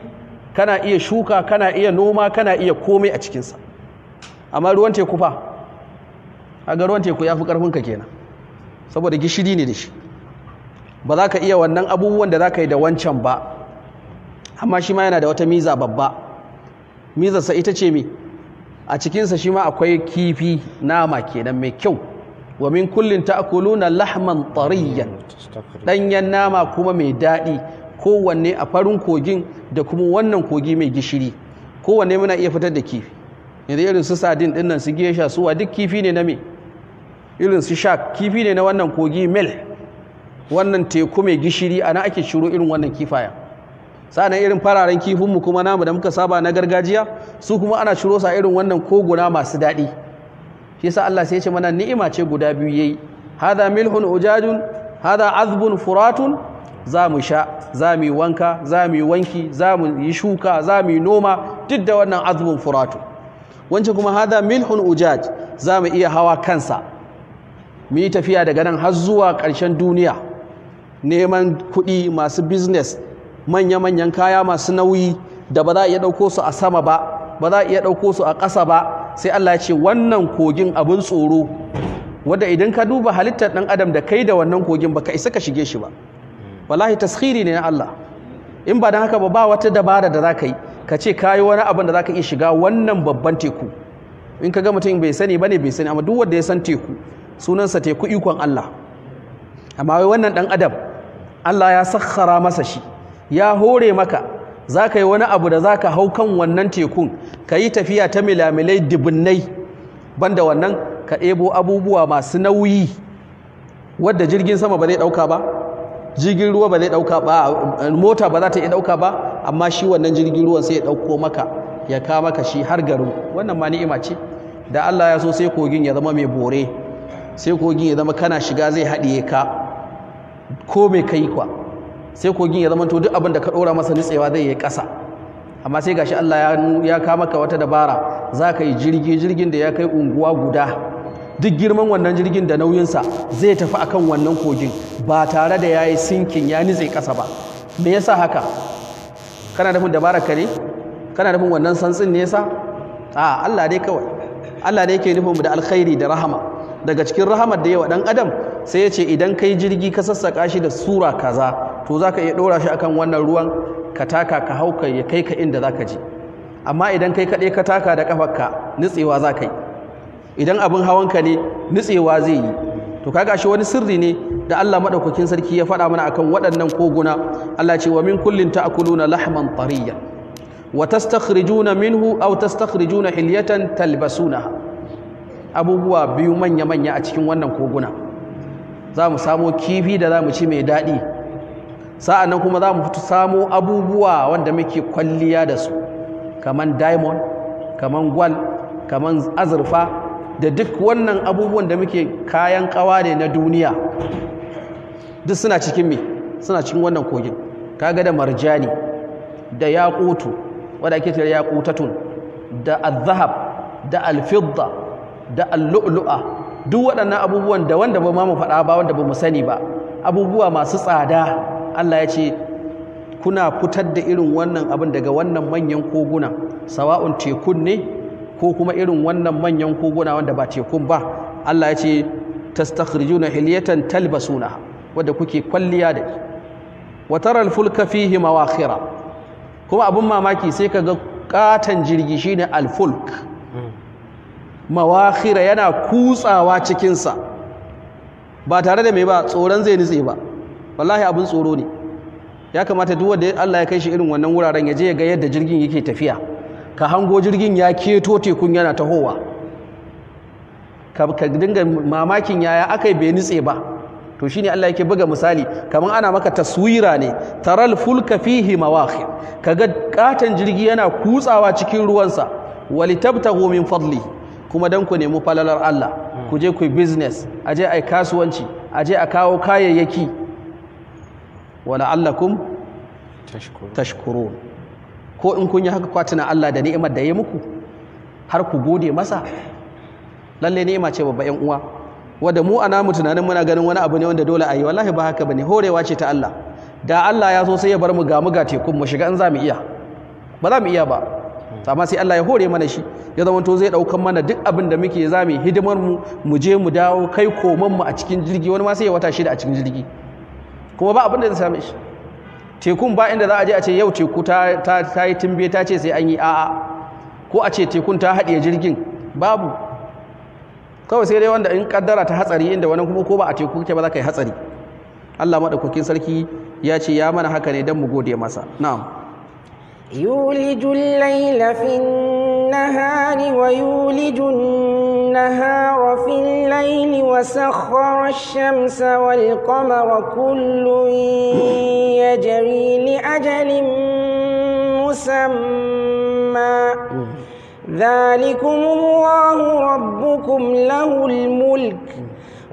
kana iya shuka kana iya noma kana iya komai a cikinsa amma ruwan teku fa A ga ruwan teku ya fi ƙarfinka kenan saboda gishiri ne da shi ba za ka iya wannan abubuwan da za ka yi da wancan ba amma shi ma yana da wata miza babba mizarsa ita ce mi a cikinsa shi ma akwai kifi nama kenan mai kyau wa min kullin ta'kuluna lahman tariyan danyen nama kuma mai daɗi kowanne a farin kogin da kuma wannan kogi mai gishiri kowanne muna iya fitar da kifi yanzu irin su sadin din nan su gesha suwa duk kifi ne na me irin su shark kifi ne na wannan kogi mil wannan teku mai gishiri ana ake shiru irin wannan kifayen sanan irin fararen kifinmu kuma namu da muka saba na gargajiya su kuma ana shiro sa irin wannan koguna masu daɗi shi sa Allah sai ya ce mana ni'ima ce guda biyu yayi hada milhun ujajun hada azbun furatun za mu sha za mu yi wanka za mu yi wanki za mu yi shuka za mu yi noma duk da wannan azbun furatu wancan kuma hada milhun ujaj za mu iya hawa kansa mu yi tafiya daga nan har zuwa ƙarshen duniya neman kuɗi masu business manya-manyan kaya masu nauyi da ba za a iya ɗauko su a sama ba ba za a iya ɗauko su a ƙasa ba sai Allah ya ce wannan kogin abin tsoro wanda idan ka duba halittar ɗan adam da kai da wannan kogin baka isa ka shige shi ba wallahi tashiri ne na Allah in ba dan haka ba ba wata dabara da za ka yi ka ce kayi wani abin da za ka iya shiga wannan babban teku in ka ga mutum bai sani ba ne bai sani amma duk wanda ya san teku sunansa teku ikon Allah amma wai wannan ɗan adam Allah ya sakhara masa shi ya hore maka za ka yi wani abu da za ka hau kan wannan tekun ka yi tafiya ta milamilai dibinnai banda wannan ka ɗebo abubuwa masu nauyi wadda jirgin sama ba zai ɗauka ba jirgin ruwa ba zai ɗauka ba mota ba za ta iya ɗauka ba amma shi wannan jirgin ruwan sai ya ɗauko maka ya ka maka shi har garin wannan ma ni'ima ce da Allah ya so sai kogin ya zama mai bore sai kogin ya zama kana shiga zai haɗiye ka ko mai kai kwa sai kogin ya to duk abin da ka dora masa nitsewa zai yi ƙasa amma sai gashi Allah ya ka maka wata dabara za ka yi jirgi jirgin da ya kai unguwa guda duk girman wannan jirgin da nauyinsa zai tafi akan wannan kogin ba tare da ya yi sinkin ya nitse ƙasa ba me yasa haka kana nufin dabarar ka ne kana nufin wannan santsin ne yasa a Allah dai kawai Allah ne yake nufin mu da alkhairi da rahama daga cikin rahamar da yawa dan adam sai ya ce idan kai jirgi ka sassaka shi da sura kaza to za ka iya ɗora shi akan wannan ruwan ka taka ka hauka ya kai ka inda za ka je amma idan kai kaɗai ka taka da ƙafarka nutsewa za ka yi idan abin hawan ka ne nutsewa zai yi to kaga shi wani sirri ne da Allah maɗaukakin sarki ya faɗa mana akan waɗannan koguna Allah ce wa min kullin ta'kuluna lahman tariya wa tastakhrijuna minhu aw tastakhrijuna hilyatan talbasunaha abubuwa biyu manya manya a cikin wannan koguna za mu samo kifi da za mu ci mai daɗi sa'an nan kuma za mu fito samu abubuwa wanda muke kwalliya da su kaman diamond kaman gwal kaman azurfa da duk wannan abubuwan da muke kayan kawa ne na duniya duk suna cikin me suna cikin wannan kogin kaga da marjani da yaqutu wanda ake cewa yaqutatun da azhab da alfidda da allu'lu'a duk waɗannan abubuwan da wanda ba mu faɗa ba wanda ba mu sani ba abubuwa masu tsada Allah ya ce kuna fitar da irin wannan abin daga wannan manyan koguna sawa'un tekun ne ko kuma irin wannan manyan koguna wanda ba tekun ba Allah ya ce tastakhrijuna hilyatan talbasuna wanda kuke kwalliya da wa taral fihi mawakhira kuma abin mamaki sai ka ga katan jirgi shine alfulk mawakhira yana kutsawa cikin sa ba tare da mai ba tsoron zai nitse ba wallahi abin tsoro ne ya kamata duk wanda Allah ya kai shi irin wannan wuraren ya je ya ga yadda jirgin yake tafiya ka hango jirgin ya keto tekun yana tahowa ka dinga mamakin yaya akai bai nitse ba to shine Allah yake buga misali kaman ana maka taswira ne taral fulka fihi mawakhir kaga katan jirgi yana kutsawa cikin ruwan sa walitabtahu min fadli kuma dan ku nemi falalar Allah hmm. ku je ku business aje ai kasuwanci aje a kawo kayayyaki Wala la'allakum tashkurun ko in kun yi haka kwatina Allah da ni'imar da ya muku har ku gode masa lalle ni'ima ce babba yan uwa wanda mu ana mu tunanin muna ganin wani abu ne wanda dole a yi wallahi ba haka bane horewa ce ta Allah da Allah ya so sai ya bar mu ga mu ga tekun mu shiga in za mu iya ba za mu iya ba amma sai Allah ya hore mana shi ya zama to zai daukan mana duk abin da muke za mu hidimar mu mu je mu dawo kai koman mu a cikin jirgi wani ma sai ya wata shida a cikin jirgi kuma ba abin da zai same shi tekun ba inda za a je a ce yau teku ta yi timbe ta ce sai an yi a'a ko a ce tekun ta haɗiye jirgin babu kawai sai dai wanda in kaddara ta hatsari inda wani kuma ko ba a teku ke ba za ka yi hatsari Allah maɗaukakin sarki ya ce ya mana haka ne don mu gode masa na'am yuliju layla nahari wa النهار في الليل وسخر الشمس والقمر كل يجري لأجل مسمى ذلكم الله ربكم له الملك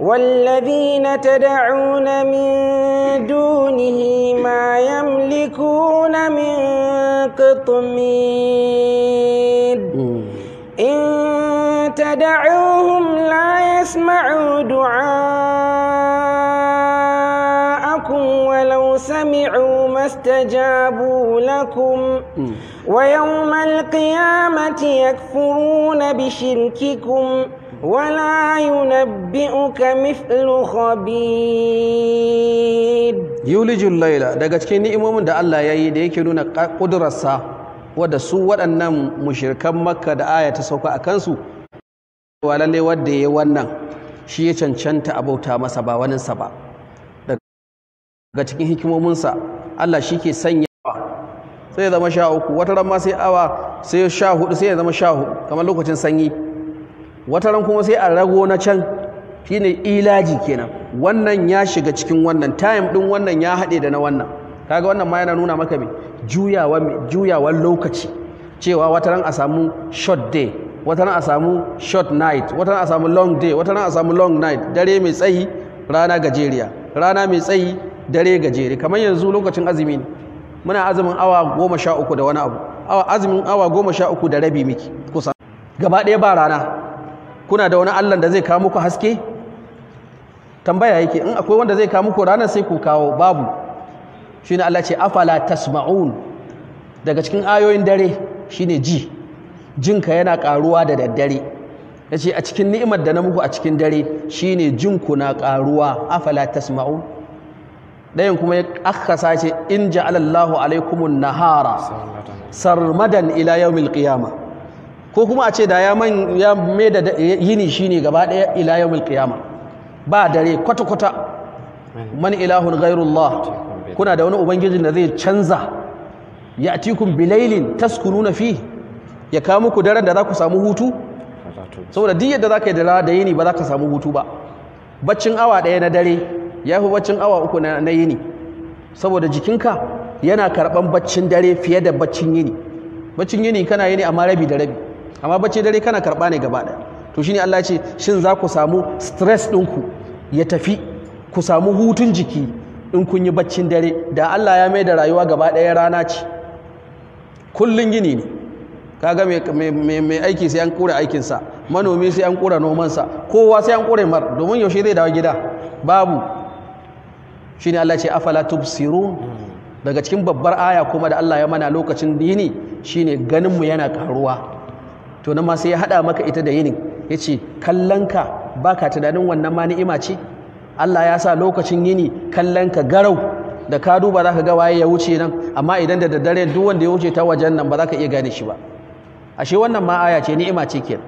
والذين تدعون من دونه ما يملكون من قطمير إن تدعوهم لا يسمعوا دعاءكم ولو سمعوا ما استجابوا لكم ويوم القيامة يكفرون بشرككم ولا ينبئك مثل خبير يولج الليل daga cikin ni'imomin da Allah yayi da yake nuna kudurarsa wadda su waɗannan mushrikan Makka da aya ta sauka a kansu cewa lalle wanda ya wannan shi ya cancanta abauta masa ba waninsa ba daga cikin hikimominsa Allah shi ke sanya sai ya zama sha uku wata ran ma sai awa sai sha hudu sai ya zama sha hudu kamar lokacin sanyi wata ran kuma sai a rago na can shine ilaji kenan wannan ya shiga cikin wannan time din wannan ya haɗe da na wannan kaga wannan ma yana nuna maka me juyawan lokaci cewa wata ran a samu short day wata a samu short night wata a samu long day wata a samu long night dare mai tsayi rana gajeriya rana mai tsayi dare gajeri kamar yanzu lokacin azumi ne muna azumin awa goma sha uku da wani abu awa azumin awa goma sha uku da rabi miki kusa gaba ɗaya ba rana kuna da wani allon da zai kawo muku haske tambaya yake in akwai wanda zai kawo muku ranar sai ku kawo babu shine Allah ce afala tasma'un daga cikin ayoyin dare shine ji jinka yana ƙaruwa da daddare ya ce a cikin ni'imar da na muku a cikin dare shine jinku na ƙaruwa afala ɗayan kuma ya akasa ce in alaikum alaikumun nahara sarmadan ila yawmil qiyama ko kuma a ce da ya man ya mai da yini shine gaba ɗaya ila yawmil qiyama ba dare kwata kwata man ilahun ghairullah kuna da wani ubangijin da zai canza ya'tikum bilailin taskununa fihi ya kawo muku daren da za ku samu hutu saboda duk yadda za ka yi da da yini ba za ka samu hutu ba baccin awa daya na dare ya fi baccin awa uku na yini saboda jikinka yana karɓan baccin dare fiye da baccin yini baccin yini kana yini amma rabi da rabi amma baccin dare kana karɓa ne gaba ɗaya to shi ne Allah ce shin za ku samu stress ɗinku ya tafi ku samu hutun jiki in kun yi baccin dare da Allah ya mai da rayuwa gaba ɗaya rana ce Kullum yini ne ga mai aiki sai an kura aikinsa manomi sai an kura nomansa kowa sai an kura mar domin yaushe zai dawo gida babu ne Allah ce afala tubsirun daga cikin babbar aya kuma da Allah ya mana lokacin yini shi ne ganinmu yana karuwa to nan ma sai ya haɗa maka ita da yini, ya ce kallanka ka tunanin wannan ma ni'ima ce Allah ya sa lokacin yini kallanka garau da ka duba za ka ga waye ya wuce nan amma idan da daddare duk wanda ya wuce ta wajen nan ba za ka iya gane shi ba ashe wannan ma aya ce ni'ima ce kenan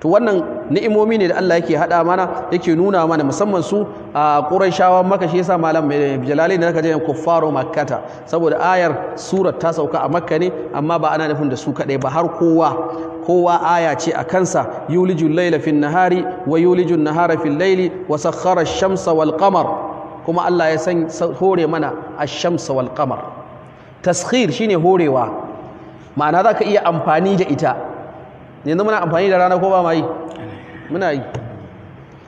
to wannan ni'imomi ne da Allah yake hada mana yake nuna mana musamman su a Qurayshawa Makka shi yasa malam Jalalain da kaje kuffaru Makkata saboda ayar surar ta sauka a Makka ne amma ba ana nufin da su kadai ba har kowa kowa aya ce a kansa yulijul laila fin nahari wa yulijun nahara fil laili wa sakhara ash-shamsa wal qamar kuma Allah ya san hore mana ash-shamsa wal qamar taskhir shine horewa ma'ana za ka iya amfani da ita yanzu muna amfani da rana ko ba ma yi muna yi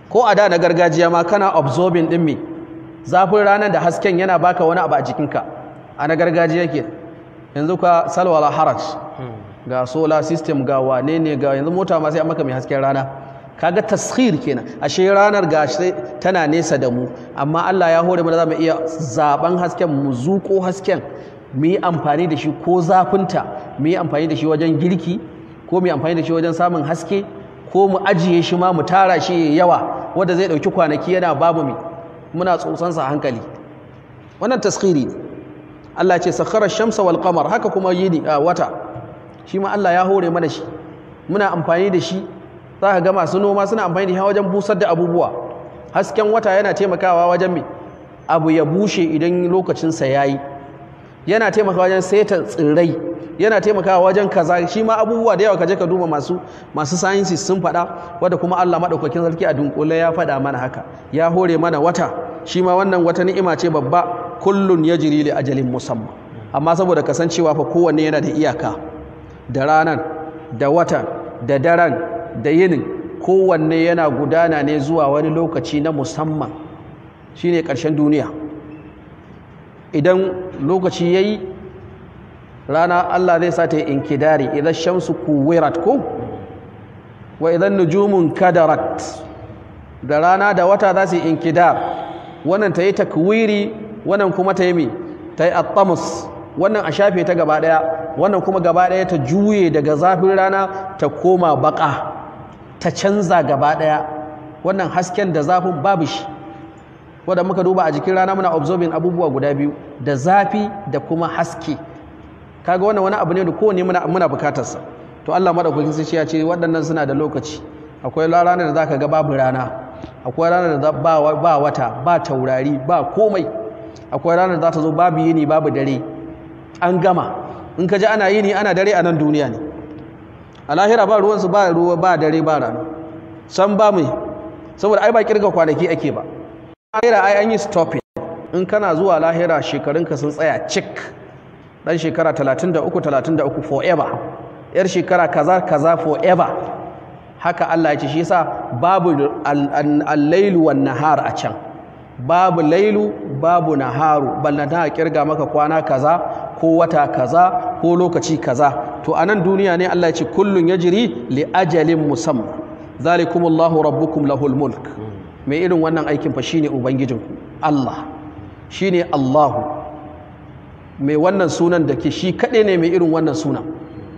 ko a da na gargajiya ma kana absorbing din me zafin ranar da hasken yana baka wani abu a jikinka a na gargajiya ke yanzu ka salwa haraj ga solar system ga wane ne ga yanzu mota ma sai an maka mai hasken rana kaga tashir kenan ashe ranar shi tana nesa da mu amma Allah ya hore mu da zamu iya zaben hasken mu zuko hasken mu yi amfani da shi ko zafinta mu yi amfani da shi wajen girki ko mu yi amfani da shi wajen samun haske ko mu ajiye shi ma mu tara shi yawa wanda zai ɗauki kwanaki yana babu mi muna tsotsansa sa hankali wannan taskhiri ne Allah ce sakhara shamsa wal qamar haka kuma yini a wata shi ma Allah ya hore mana shi muna amfani da shi za ka ga masu noma suna amfani da shi wajen busar da abubuwa hasken wata yana taimakawa wajen me abu ya bushe idan lokacinsa ya yi yana taimaka wajen saita tsirrai yana taimakawa wajen kaza shi ma abubuwa da yawa kaje ka duba masu masu sciences sun faɗa wanda kuma Allah madaukakin sarki a dunkule ya faɗa mana haka ya hore mana wata shi ma wannan wata ni'ima ce babba kullun yajri li ajalin musamma amma saboda kasancewa fa kowanne yana da iyaka da ranan da watan da daren da yinin kowanne yana gudana ne zuwa wani lokaci na musamman shine karshen duniya idan lokaci ya yi. rana Allah zai sa ta inkidari idan shamsu kuwirat ko wa idan nujumun kadarat da rana da wata za su in kidar wannan ta yi takwiri wannan kuma ta yi mi ta yi atamus wannan a shafe ta gaba daya wannan kuma gaba daya ta juye daga zafin rana ta koma baka ta canza gaba daya wannan hasken da zafin babu shi wadda muka duba a jikin rana muna observing abubuwa guda biyu da zafi da kuma haske kaga wannan wani abu ne da kowane muna muna bukatarsa to Allah madaukakin sai ya ce waɗannan suna da lokaci akwai rana da zaka ga babu rana akwai rana da ba ba wata ba taurari ba komai akwai rana da za ta zo babu yini babu dare an gama in ka ji ana yini ana dare a nan duniya ne a lahira ba ruwansu ba ruwa ba dare ba rana san ba mai saboda ai ba kirga kwanaki ake ba lahira ai an yi stopping in kana zuwa lahira shekarunka sun tsaya cik dan shekara 33 33 forever yar shekara kaza kaza forever haka Allah ya ce shi yasa babu al-lailu wan nahar a can babu lailu babu naharu balla ta kirga maka kwana kaza ko wata kaza ko lokaci kaza to anan duniya ne Allah ya ce kullun yajri li ajalin musamma zalikumullahu rabbukum lahul mulk mai irin wannan aikin fa shine ubangijin Allah shine Allahu mai wannan sunan da ke shi kaɗai ne mai irin wannan sunan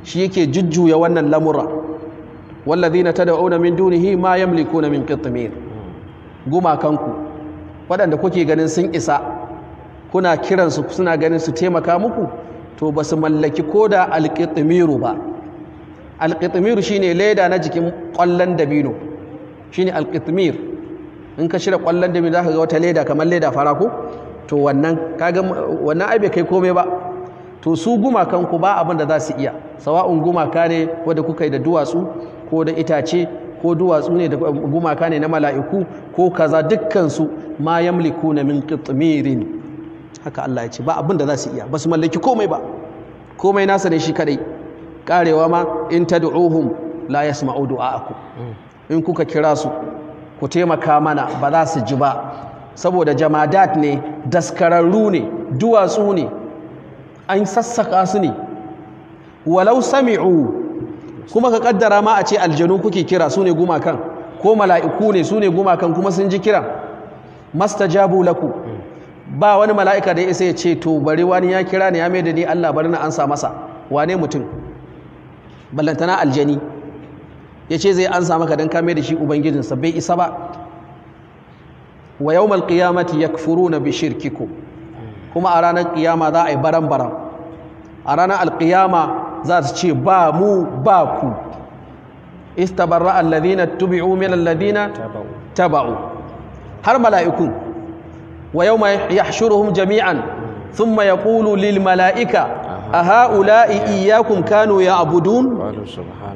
shi yake jujjuya wannan lamura wallazina tad'una min dunihi ma yamlikuna min qitmir gumakanku waɗanda kuke ganin sun isa kuna kiransu suna ganin su taimaka muku to ba su mallaki ko da alƙitmiru ba shi shine leda na jikin ƙwallon dabino shine alƙitmir in ka shirya kwallon da za ka ga wata leda kamar leda fara ko to wannan kaga wannan ai bai kai komai ba to su gumakan ku ba abin da za su iya sawa'un gumaka ne wadda kuka yi da duwatsu ko da itace ko duwatsu ne da gumaka ne na mala'iku ko kaza dukkansu ma na min qitmirin haka Allah ya ce ba abin da za su iya ba su mallaki komai ba komai nasa ne shi kadai karewa ma in tad'uhum la yasma'u du'a'akum mm. in kuka kira su ku taimaka mana ba za su ji ba saboda jamadat ne daskararru ne duwatsu ne an sassaka su ne walau sami'u kuma ka kaddara ma a ce aljanu kuke kira su ne gumakan ko mala'iku ne su ne gumakan kuma sun ji kira mastajabu laku ba wani mala'ika da isa ya ce to bari wani ya kira ne ya mai da ni Allah bari na ansa masa wane mutum ballantana aljani ya ce zai ansa maka don kame da shi ubangijinsa bai isa ba wa yawmal qiyamati yakfuruna bi shirkikum kuma a ranar kiyama za a yi baran baran a ranar alkiyama za su ce ba mu ba ku istabarra alladhina tubi'u min alladhina taba'u har mala'iku wa yawma yahshuruhum jami'an thumma kulu lil mala'ika a ha'ula'i iyakum kanu ya abudun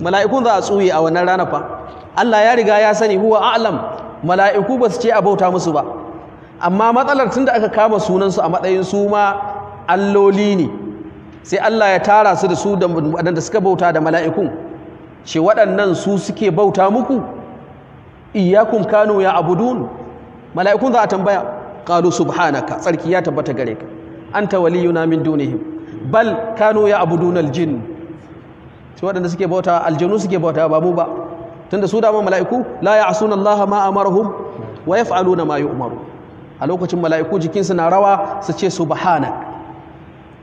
Mala'iku za a tsuye a wannan rana fa Allah ya riga ya sani huwa a'lam mala'iku ba su ce a bauta musu ba amma matsalar tun da aka kama sunansu a matsayin su ma alloli ne sai Allah ya tara su da su da suka bauta da mala'ikun ce waɗannan su suke bauta muku iyakum kanu ya abudun Mala'iku za a tambaya ƙalu subhanaka tsarki ya tabbata gare ka anta waliyuna min dunihim bal kanu ya abudun aljin shi waɗanda suke bauta aljanu suke bauta ba mu ba tunda su dama mala'iku la ya'suna Allah ma amarahum wa yaf'aluna Mayu Umaru. a lokacin mala'iku jikinsu na rawa su ce subhanak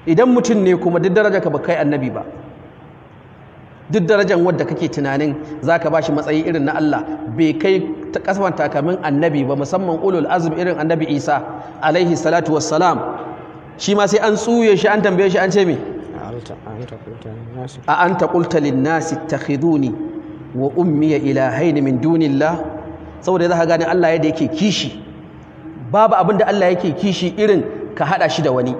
idan mutum ne kuma duk daraja ka bakai annabi ba duk darajar wadda kake tunanin zaka bashi matsayi irin na Allah bai kai kasfanta takalmin annabi ba musamman ulul azm irin annabi Isa alaihi salatu wassalam shi ma sai an tsuye shi an tambaye shi an ce me a an taƙulta linnasi takhiduni wa ummiya ilahaini min dunillah saboda za ka gane Allah yadda yake kishi babu abin da Allah yake kishi irin ka haɗa shi da wani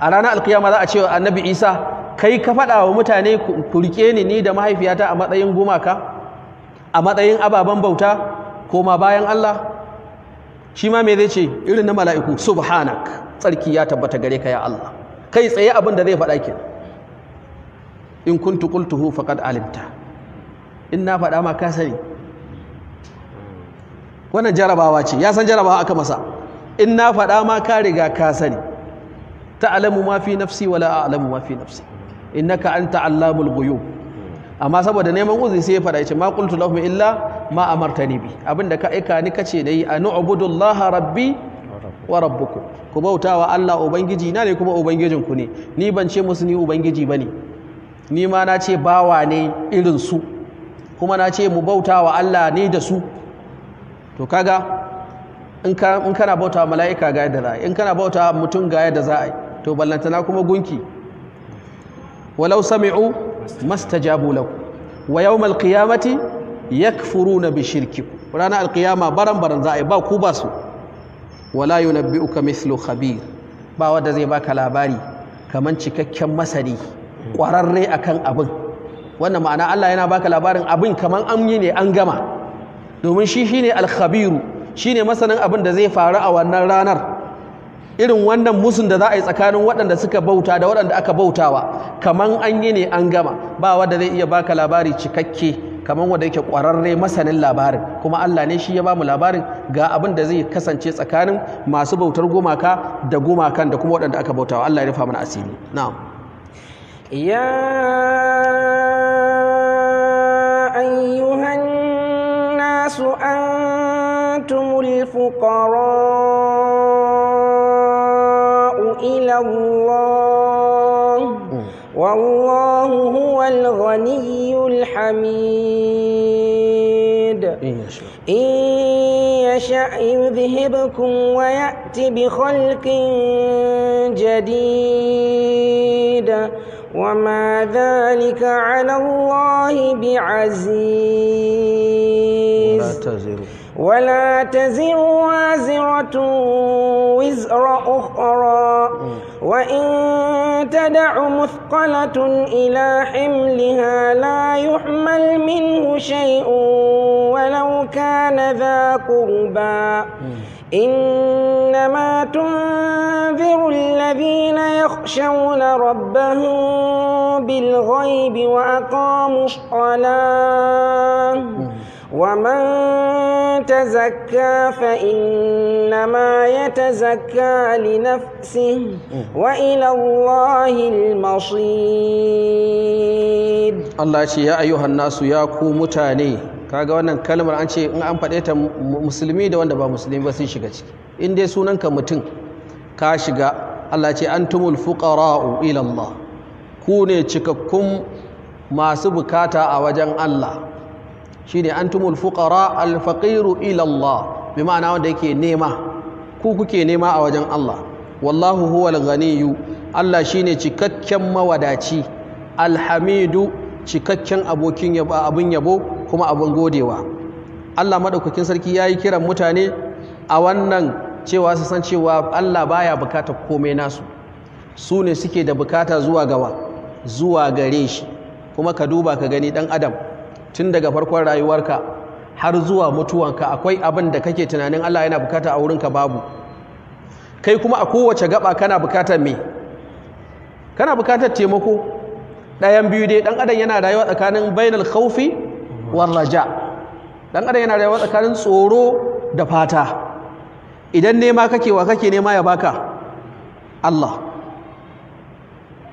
a ranar alkiyama za a ce annabi isa kai ka faɗa wa mutane ku rike ni ni da mahaifiyata a matsayin gumaka a matsayin ababen bauta ko bayan Allah shi ma me zai ce irin na mala'iku subhanak tsarki ya tabbata gare ka ya Allah kai tsaye abin da zai faɗa ke in kuntu qultuhu faqad alimta in na faɗa ma ka sani wannan jarabawa ce ya san jarabawa aka masa in na faɗa ma ka riga ka sani ta'lamu ma fi nafsi wala a'lamu ma fi nafsi innaka anta allamul ghuyub amma saboda neman uzuri sai ya faɗa ya ce ma qultu lahum illa ma amartani bi abinda ka aika ni kace nayi an laha rabbi wa rabbukum ku bautawa Allah ubangiji na ne kuma ubangijin ku ne ni ban ce musu ni ubangiji bane ni ma na ce bawa ne irin su kuma na ce mu bautawa Allah ne da su to kaga in kana bauta mala'ika ga yadda za a yi in kana bauta mutum ga yadda za a yi to ballantana kuma gunki walau sami'u mastajabu lahu wa yawmal qiyamati yakfuruna bi shirkikum ranar alqiyama baran baran za a yi ba ku ba su wala yunabbi'uka mithlu khabir ba wanda zai baka labari kaman cikakken masani kwararre akan abin wannan ma'ana Allah yana baka labarin abin kaman an yi ne an gama domin shi shine al-khabiru shine masanin abin da zai faru a wannan ranar irin wannan musun da za a yi tsakanin waɗanda suka bauta da waɗanda aka bautawa kaman an yi ne an gama ba wanda zai iya baka labari cikakke kamar wanda yake kwararre masanin labarin kuma Allah ne shi ya bamu labarin ga abin da zai kasance tsakanin masu bautar gumaka da gumakan da kuma waɗanda aka bautawa Allah ya rufa mana asiri na'am ya ayyuhan nasu antumul fuqara ila Allah mm. wa هو الغني الحميد إن يشأ يذهبكم ويأتي بخلق جديد وما ذلك على الله بعزيز ولا تزر ولا تزر وازرة وزر أخرى وإن تدع مثقل مثقلة إلى حملها لا يحمل منه شيء ولو كان ذا قربى إنما تنذر الذين يخشون ربهم بالغيب وأقاموا الصلاة ومن تزكى فإنما يتزكى لنفسه وإلى الله المصير الله يا أيها الناس يا كومتاني kaga wannan kalmar an ce in an faɗe ta musulmi da wanda ba musulmi ba sun shiga ciki in dai sunanka mutum ka shiga Allah ce antumul fuqara'u ila Allah ku ne cikakkun masu bukata a wajen Allah shine ne an al faqiru ila Allah bi ma'ana wanda yake nema ku kuke nema a wajen Allah wallahu huwal ghaniyu Allah shine cikakken mawadaci alhamidu cikakken abokin yabo abin yabo kuma abin godewa Allah madaukakin sarki yayi kiran mutane a wannan cewa su san cewa Allah baya bukatar komai nasu su ne suke da bukata zuwa gawa zuwa gare shi kuma ka duba ka gani dan adam tun daga farkon rayuwarka har zuwa mutuwanka akwai abin da kake tunanin Allah yana bukata a wurinka babu kai kuma a kowace gaba kana bukatar me kana bukatar taimako ɗayan biyu dai ɗan adam yana rayuwa tsakanin bainal khawfi war raja ɗan adam yana rayuwa tsakanin tsoro da fata idan nema kake wa kake nema ya baka Allah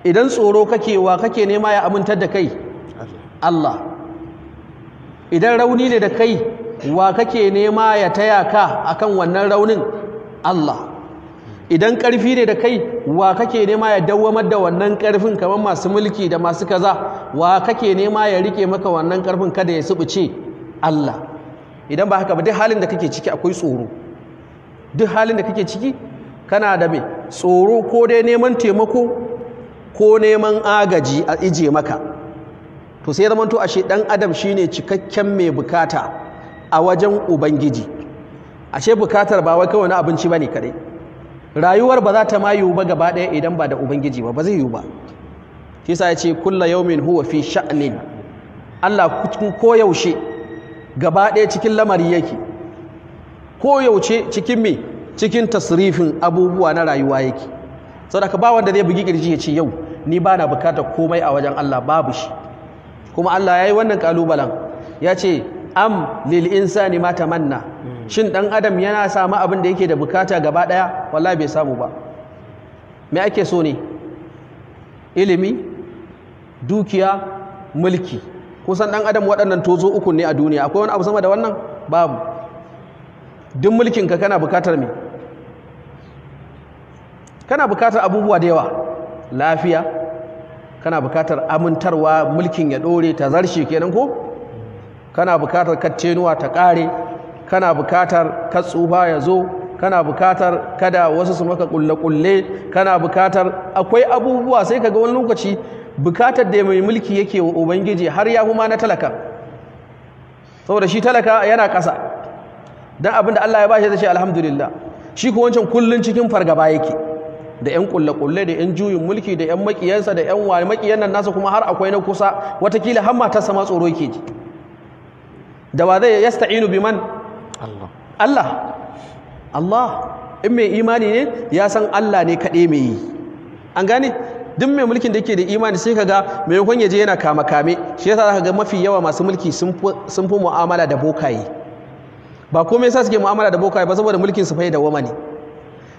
idan tsoro kake wa kake nema ya amintar da kai Allah idan rauni ne da kai wa kake nema ya taya ka akan wannan raunin Allah idan ƙarfi ne da kai wa kake nema ya dawwamar da wannan ƙarfin kamar masu mulki da masu kaza wa kake nema ya rike maka wannan ƙarfin kada ya subuce Allah idan ba haka ba duk halin da kake ciki akwai tsoro duk halin da kake ciki kana da me tsoro ko dai neman taimako ko neman agaji a ije maka to sai zamanto ashe dan adam shine cikakken mai bukata a wajen ubangiji ashe bukatar ba wai kawai na abinci bane kaɗai. rayuwar ba za ta ma ba gaba ɗaya idan ba da ubangiji ba ba zai yiwu ba shi yasa yace kullu yawmin huwa fi sha'nin Allah cikin koyaushe gaba ɗaya cikin lamari yake koyaushe cikin me cikin tasrifin abubuwa na rayuwa yake saboda ka ba wanda zai bugi kirji ya ce yau ni ba na bukatar komai a wajen Allah babu shi kuma Allah ya yi wannan ƙalubalen ya ce am lil insani ma manna. Hmm. shin ɗan adam yana samu abin da yake da bukata gaba ɗaya wallahi bai samu ba me ake so ne ilimi dukiya mulki kusan dan adam waɗannan tozo uku ne a duniya akwai wani abu sama da wannan babu duk mulkin ka kana bukatar me kana bukatar abubuwa da yawa lafiya kana bukatar amintarwa mulkin ya dore ta zarshe kenan ko kana bukatar kattenuwa ta kare kana bukatar katsufa ya zo kana bukatar kada wasu su maka kulle-kulle kana bukatar akwai abubuwa sai kaga wani lokaci bukatar da mai mulki yake wa ubangiji har ya kuma na talaka saboda shi talaka yana kasa dan abinda Allah ya bashi zai ce alhamdulillah shi ko wancan kullun cikin fargaba yake da yan kulle-kulle da yan juyin mulki da yan makiyansa da yan wani makiyan nan nasa kuma har akwai na kusa watakila har matarsa ma tsoro yake ji da ba zai yasta inu bi man? Allah Allah in mai imani ne ya san Allah ne kaɗai mai yi an gane duk mai mulkin da yake da imani sai ka kaga maimakon ya je yana kama kame shi yasa ka ga mafi yawa masu mulki sun fi mu'amala da bokaye ba komai yasa suke mu'amala da bokaye ba saboda mulkin su fa da wama ne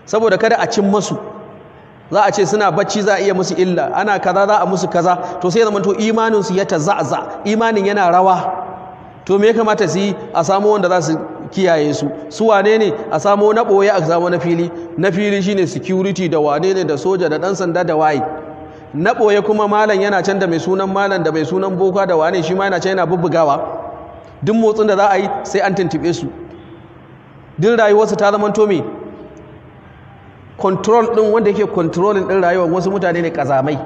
saboda kada a cin masu za a ce suna bacci za a iya musu illa ana kaza za a musu kaza to sai zama to imanin su ya taza'za imanin yana rawa to me ya kamata su yi a samu wanda za su kiyaye su su wane ne a samu na boye a samu na fili na fili shine security da wane ne da soja da dan sanda da waye na boye kuma malam yana can da mai sunan malam da mai sunan boka da wane shi ma yana can yana bubbugawa duk motsin da za a yi sai an tuntube su duk rayuwarsu ta zama to me control ɗin wanda yake controlling ɗin rayuwar wasu mutane ne kazamai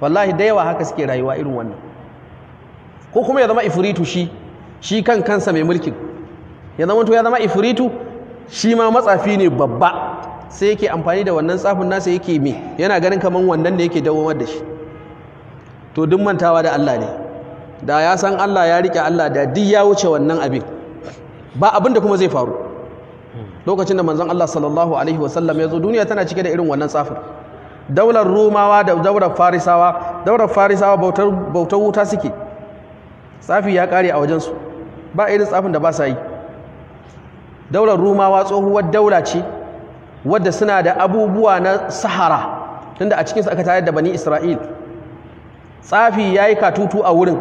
wallahi da yawa haka suke rayuwa irin wannan ko kuma ya zama ifritu shi shi kan kansa mai mulkin ya zama to ya zama ifiritu? shi ma matsafi ne babba sai yake amfani da wannan tsafin nasa yake me yana ganin kaman wannan da yake dawo da shi to duk mantawa da Allah ne da ya san Allah ya rike Allah da duk ya wuce wannan abin ba abin da kuma zai faru lokacin da manzon Allah sallallahu alaihi wasallam ya zo duniya tana cike da irin wannan tsafin daular rumawa da daular farisawa daular farisawa bautar wuta suke tsafi ya kare a wajensu ba irin tsafin da ba sa yi daular rumawa tsohuwar daula ce wadda suna da abubuwa na sahara tunda a cikinsu aka tayar da bani isra'il tsafi ya yi katutu a wurin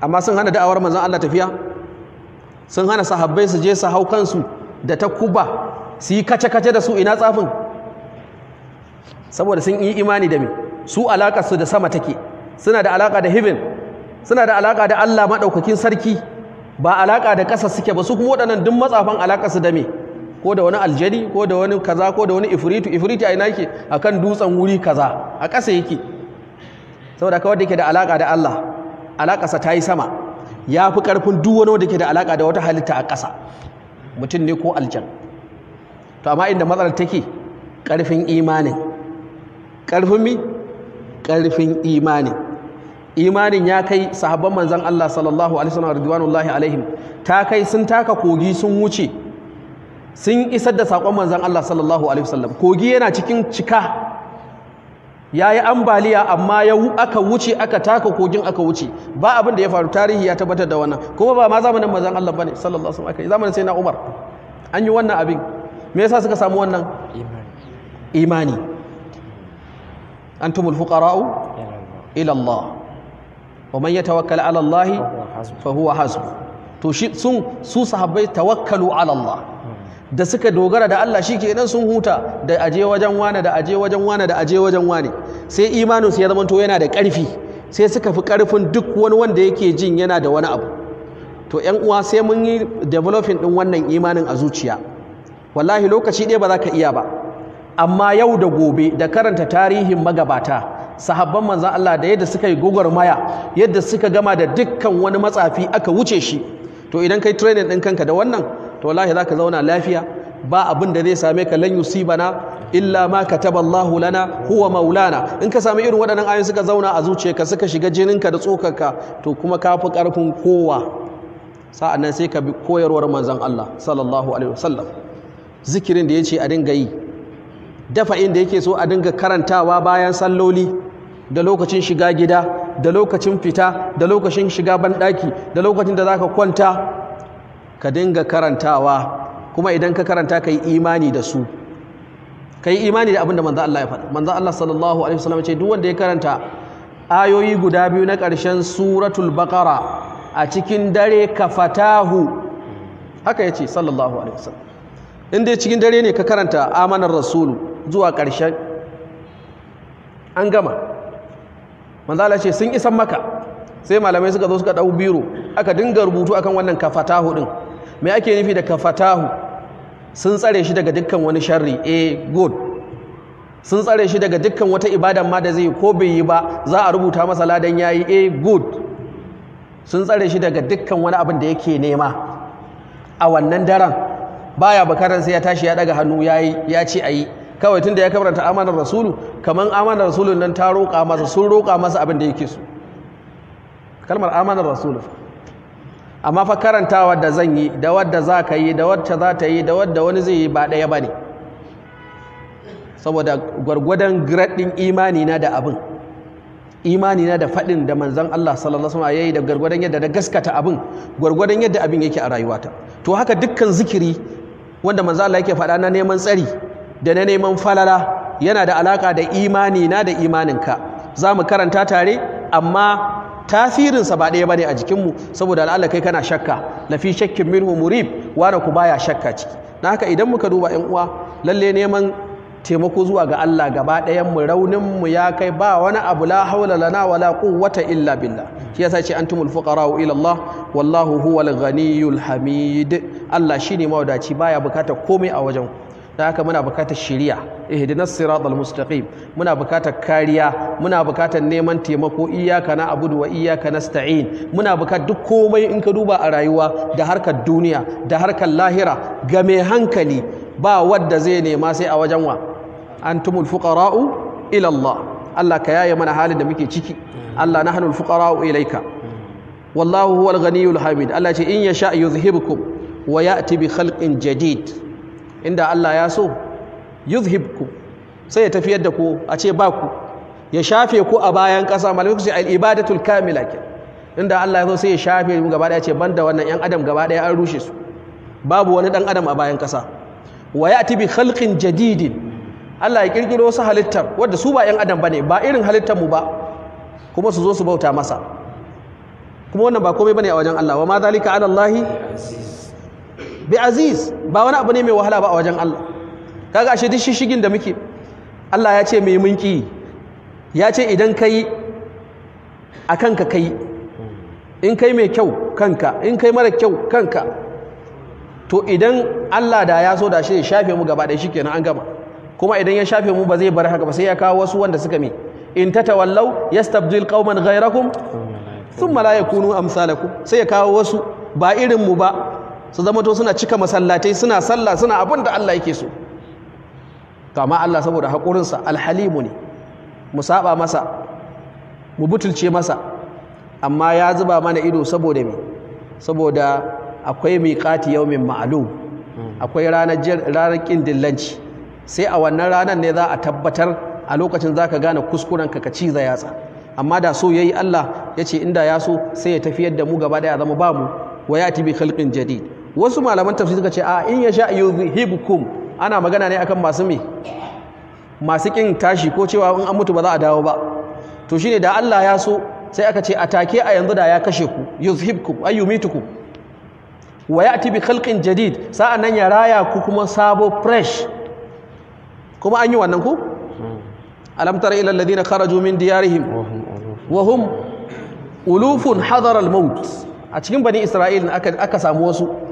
amma sun hana da'awar manzan allah tafiya sun hana sahabbai su je su hau kansu da takuba su yi kace-kace da su ina tsafin saboda sun yi imani da mai, su alaƙarsu da sama take suna da alaƙa da heaven suna da alaƙa da Allah maɗaukakin sarki ba alaƙa da ƙasa suke ba su kuma waɗannan duk matsafan alaƙarsu da mai, ko da wani aljani ko da wani kaza ko da wani ifritu ifritu a ina yake kan dutsen wuri kaza a ƙasa yake saboda kawai da yake da alaƙa da Allah alaƙarsa ta yi sama ya fi ƙarfin duk wani wanda ke da alaƙa da wata halitta a ƙasa mutum ne ko aljan to amma inda matsalar take ƙarfin imanin ƙarfin mi ƙarfin imanin imanin ya kai sahabban manzan Allah sallallahu alaihi wasallam radwanullahi alaihim ta kai sun taka kogi sun wuce sun isar da saƙon manzan Allah sallallahu alaihi wasallam kogi yana cikin cika ya yi ambaliya amma ya aka wuce aka taka kogin aka wuce ba abin da ya faru tarihi ya tabbatar da wannan kuma ba ma zamanin mazan Allah bane sallallahu alaihi wasallam zamanin sai na Umar an yi wannan abin me yasa suka samu wannan imani antumul fuqara'u ila Allah wa man yatawakkal ala Allah fa huwa hasbu to shi sun su sahabbai tawakkalu ala Allah da suka dogara da Allah shi kenan sun huta da aje wajen wane da aje wajen wane da aje wajen wane sai imaninsu ya zamanto yana da ƙarfi sai suka fi ƙarfin duk wani wanda yake jin yana da wani abu to ƴan uwa sai mun yi developing ɗin wannan imanin a zuciya wallahi lokaci ɗaya ba za ka iya ba amma yau da gobe da karanta tarihin magabata sahabban manzan Allah da yadda suka yi gwagwarmaya yadda suka gama da dukkan wani matsafi aka wuce shi to idan kai training ɗin kanka da wannan to wallahi zaka zauna lafiya ba abin da zai same ka lan yusibana illa ma kataballahu lana huwa maulana in ka sami irin waɗannan ayoyin suka zauna a zuciyarka suka shiga jininka da tsokarka to kuma ka fi ƙarfin kowa sa'annan sai ka bi koyarwar manzon Allah sallallahu alaihi wasallam zikirin da yace a dinga yi dafa inda yake so a dinga karantawa bayan salloli da lokacin shiga gida da lokacin fita da lokacin shiga banɗaki da lokacin da zaka kwanta ka dinga karantawa kuma idan ka karanta ka yi imani da su ka yi imani da abin da manzo Allah ya faɗa manzan Allah sallallahu alaihi wasallam ce duk wanda ya karanta ayoyi guda biyu na ƙarshen suratul baqara a cikin dare ka fatahu haka ya ce sallallahu alaihi wasallam in dai cikin dare ne ka karanta amanar rasulu zuwa ƙarshen an gama manzan Allah ce sun isan maka sai malamai suka zo suka ɗau biro aka dinga rubutu akan wannan ka fatahu din me ake nufi da kafatahu sun tsare shi daga dukkan wani sharri eh good sun tsare shi daga dukkan wata ibadan ma da zai ko bai yi ba za a rubuta masa ladan yayi eh good sun tsare shi daga dukkan wani abin da yake nema a wannan daren baya bakaran sai ya tashi ya daga hannu yayi ya ce ayi kawai tunda ya kabarta amanar rasulu kaman amanar rasulun nan ta roƙa masa sun roƙa masa abin da yake so kalmar amanar rasulun amma fa karantawa da zan yi da wadda za ka yi da wacce za ta yi da wadda wani zai yi ba ɗaya ba ne saboda gwargwadon giraɗin imani na da abin imani na da faɗin da manzan Allah sallallahu alaihi ya yi da gwargwadon yadda da gaskata abin gwargwadon yadda abin yake a rayuwata to haka dukkan zikiri wanda manzan Allah yake faɗa na neman tsari da na neman falala yana da alaka da imani na da imaninka za mu karanta tare amma tasirinsa ba ɗaya bane a jikinmu saboda al'ala kai kana shakka lafi shakkin minhu murib wani ku baya shakka ciki na haka idan muka duba yan uwa lalle neman taimako zuwa ga Allah gaba ɗayan mu raunin mu ya kai ba wani abu la haula lana wala quwwata illa billah shi yasa ce antumul fuqara ila Allah wallahu huwal ghaniyyul hamid Allah shine mawadaci baya bukatar komai a wajen ku da haka muna bukatar shiriya ihdinas siratal mustaqim muna bukatar kariya muna bukatar neman taimako iyyaka na'budu wa iyyaka nasta'in muna bukatar duk komai in ka duba a rayuwa da harkar duniya da harkar lahira ga mai hankali ba wadda zai nema sai a wajen wa antumul fuqara'u ila Allah Allah ka yaye mana halin da muke ciki Allah nahnul fuqara'u ilayka wallahu huwal ghaniyyul hamid Allah ce in yasha yuzhibukum wa ya'ti bi khalqin jadid inda Allah ya so yuzhibku sai ya tafiyar da ku a ce ba ku ya shafe ku a bayan ƙasa malamai su ce al-ibadatul kamila ke inda Allah ya so sai ya shafe mu gaba ɗaya ce ban da wannan yan adam gaba ɗaya an rushe su babu wani ɗan adam a bayan ƙasa wa ya ya'ti bi khalqin jadidin Allah ya kirkiro wasu halittar wanda su ba yan adam ba ne, ba irin halittar mu ba kuma su zo su bauta masa kuma wannan ba komai ba ne a wajen Allah wa ma zalika ala Allah bi aziz ba wani abu ne mai wahala ba a wajen Allah kaga ashe duk shishigin da muke Allah ya ce mai munki ya ce idan kai a kanka kai in kai mai kyau kanka in kai mara kyau kanka to idan Allah da ya so da shi ya shafe mu gaba da shi kenan an gama kuma idan ya shafe mu ba zai bar haka ba sai ya kawo wasu wanda suka mi. in tatawallaw yastabdil qauman ghayrakum thumma la yakunu amsalakum sai ya kawo wasu ba irin mu ba su zama to suna cika masallatai suna sallah suna abin da Allah yake so to amma Allah saboda haƙurinsa alhalimu ne mu saba masa mu butulce masa amma ya zuba mana ido saboda me saboda akwai miƙati yaumin ma'lum akwai ranar ranar kin dillanci sai a wannan ranar ne za a tabbatar a lokacin zaka gane kuskuren ka ka ciza yatsa amma da so yayi Allah yace inda ya so sai ya tafiyar da mu gaba daya zama ba mu wa yati bi khalqin jadid wasu malaman tafsir suka ce a in ya sha yuzhibukum ana magana ne akan masu me masu kin tashi ko cewa in an mutu ba za a dawo ba to shine da Allah ya so sai aka ce atake a yanzu da ya kashe ku yuzhibkum ay yumitukum wa ya'ti bi khalqin jadid nan ya raya ku kuma sabo fresh kuma an yi wannan ku alam tara ila alladhina kharaju min diyarihim wa hum ulufun hadara al-maut a cikin bani isra'il aka samu wasu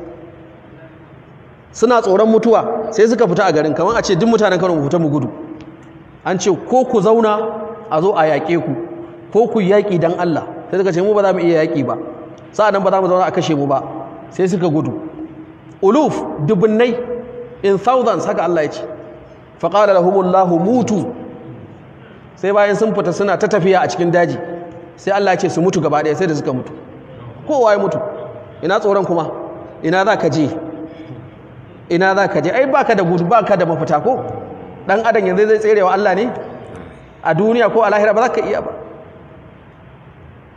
suna tsoron mutuwa sai suka fita a garin kamar a ce duk mutanen Kano mu fita mu gudu an ce ko ku zauna a zo a yaƙe ku ko ku yaƙi dan Allah sai suka ce mu ba za mu iya yaƙi ba sa'annan ba za mu zauna a kashe mu ba sai suka gudu uluf dubunnai in thousands haka Allah ya ce lahum Allah mutu sai bayan sun fita suna ta tafiya a cikin daji sai Allah ya ce su mutu gaba ɗaya sai da suka mutu kowa ya mutu ina tsoron kuma ina za ka je ina za ka je ai ba ka da gudu ka da mafita ko dan adam yanzu zai tserewa Allah ne a duniya ko a lahira ba za ka iya ba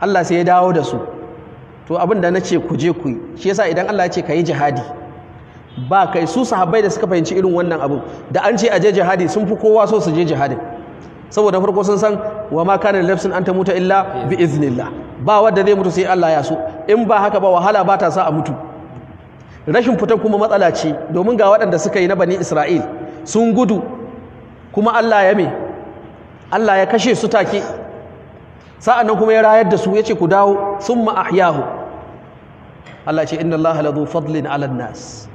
Allah sai ya dawo da su to abin da na ce ku je ku yi shi yasa idan Allah ya ce ka jihadi ba kai su sahabbai da suka fahimci irin wannan abu. da an ce a je jihadi sun fi kowa so su je jihadin saboda farko sun san wa ma kana lafsin an ta mutu illa bi iznillah ba wanda zai mutu sai Allah ya so in ba haka ba wahala ba ta sa a mutu rashin fitan kuma matsala ce domin ga waɗanda suka yi na bani isra'il sun gudu kuma allah ya me allah ya kashe su take sa'annan kuma ya rayar da su ya ce ku dawo sun ma'ahyahu allah ce inda allah halazu fadlin ala nas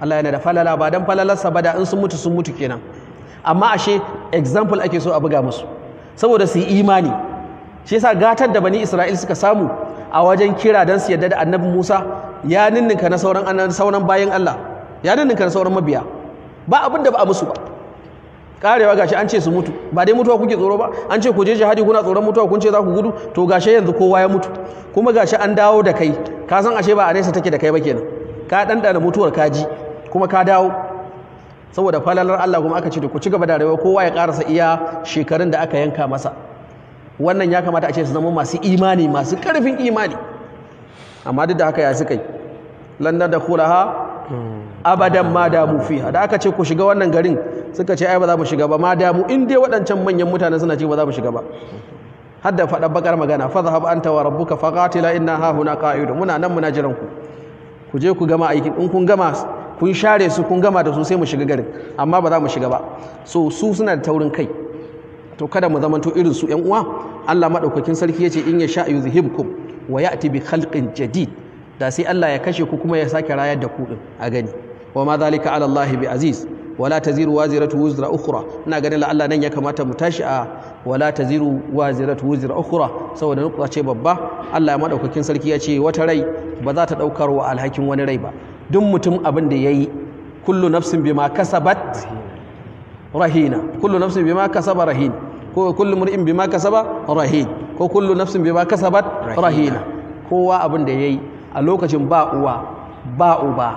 allah yana da falala ba don falalarsa ba da in sun mutu sun mutu kenan amma ashe example ake so a buga musu saboda su yi imani shi yasa gatar da bani isra'il suka samu a wajen kira don su yadda da annabi musa ya ninninka na sauran sauran bayan Allah ya ninninka na sauran mabiya ba abin da ba a musu ba karewa gashi an ce su mutu ba dai mutuwa kuke tsoro ba an ce ku je jihadi kuna tsoron mutuwa kun ce za ku gudu to gashi yanzu kowa ya mutu kuma gashi an dawo da kai ka san ashe ba a nesa take da kai ba kenan ka dandana mutuwar kaji kuma ka dawo saboda falalar Allah kuma aka ce da ku ci gaba da rayuwa kowa ya karasa iya shekarun da aka yanka masa wannan ya kamata a ce su zama masu imani masu karfin imani amma duk da haka ya suka yi lanna da ha abadan ma damu fi da aka ce ku shiga wannan garin suka ce ai ba za mu shiga ba ma damu in dai waɗancan manyan mutane suna ce ba za mu shiga ba har da faɗa bakar magana zahab anta wa rabbuka qatila inna ha huna qa'idun muna nan muna jiran ku ku je ku gama aikin in kun gama kun share su kun gama da su sai mu shiga garin amma ba za mu shiga ba so su suna da taurin kai to kada mu zamanto irin su yan uwa Allah madaukakin sarki yace in ya sha yuzhibkum wa ya'ti bi khalqin jadid da sai Allah ya kashe ku kuma ya sake rayar da ku din a gani wa ma zalika ala Allah bi aziz wala taziru waziratu wuzra ukhra ina ganin la Allah nan ya kamata mu tashi a wala taziru waziratu wuzra ukhra saboda nukta ce babba Allah ya madaukakin sarki ya ce wata rai ba za ta daukar wa alhakin wani rai ba duk mutum abin da yayi kullu nafsin bima kasabat rahina kullu nafsin bima kasaba rahin ko kullu mar'in bima kasaba rahin ko kullu nafsin bima kasabat rahina kowa abin da yayi a lokacin ba uwa ba uba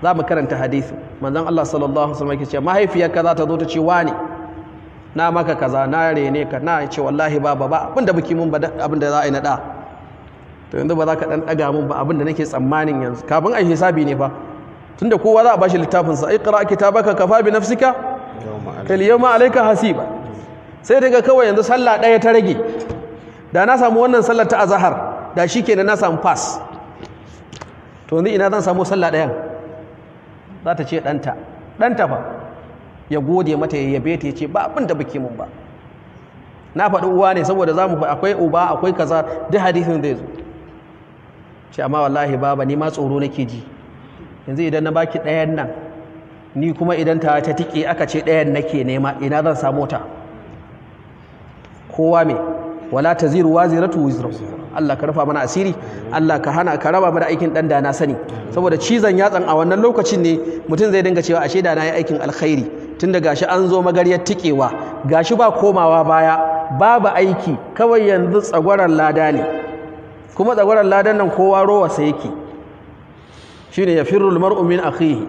za mu karanta hadisi manzon Allah sallallahu alaihi wasallam yake cewa mahaifiyarka za ta zo ta ce wani na maka kaza na rene ka na ce wallahi ba ba abinda da biki mun ba abinda da za a yi na da to yanzu ba za ka dan daga mun ba abinda da nake tsammanin yanzu kafin a hisabi ne fa tunda kowa za a bashi littafin sa iqra kitabaka kafa bi nafsika yawma alayka hasiba sai daga kawai yanzu sallah daya ta rage da na samu wannan sallar ta azahar da shi ke na samu fas to ni ina zan samu sallah ɗayan za ta ce ɗanta ɗanta ba ya gode mata ya yabe ta ya ce ba abin da mun ba na faɗi uwa ne saboda za mu akwai uba akwai kaza duk hadisin zai zo ce amma wallahi baba ni ma tsoro nake ji yanzu idan na baki ɗayan nan ni kuma idan ta ta tike aka ce ɗayan nake nema ina zan samu ta kowa me wala taziru waziratu wizra Allah ka rufa mana asiri Allah ka hana ka raba mana aikin dan da na sani saboda cizon yatsan a wannan lokacin ne mutum zai dinga cewa ashe da na yi aikin alkhairi tunda gashi an zo magaryar tikewa gashi ba komawa baya babu aiki kawai yanzu tsagwaran lada ne kuma tsagwaran ladan nan kowa rowa sai yake shine yafirru almar'u min akhihi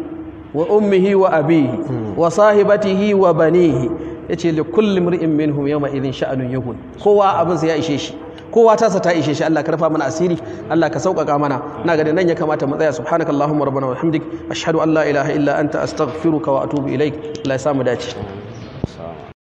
wa ummihi wa abihi wa sahibatihi wa banihi yace ce kulli mar'in minhum yawma idhin sha'anun yughun kowa abin sa ya ishe shi kowa tasa ta ishe shi Allah ka mana asiri Allah ka sauƙaƙa mana ina ga nan ya kamata mu tsaya subhanakallahumma rabbana wa bihamdik ashhadu an la ilaha illa anta astaghfiruka wa atubu ilaik Allah ya samu dace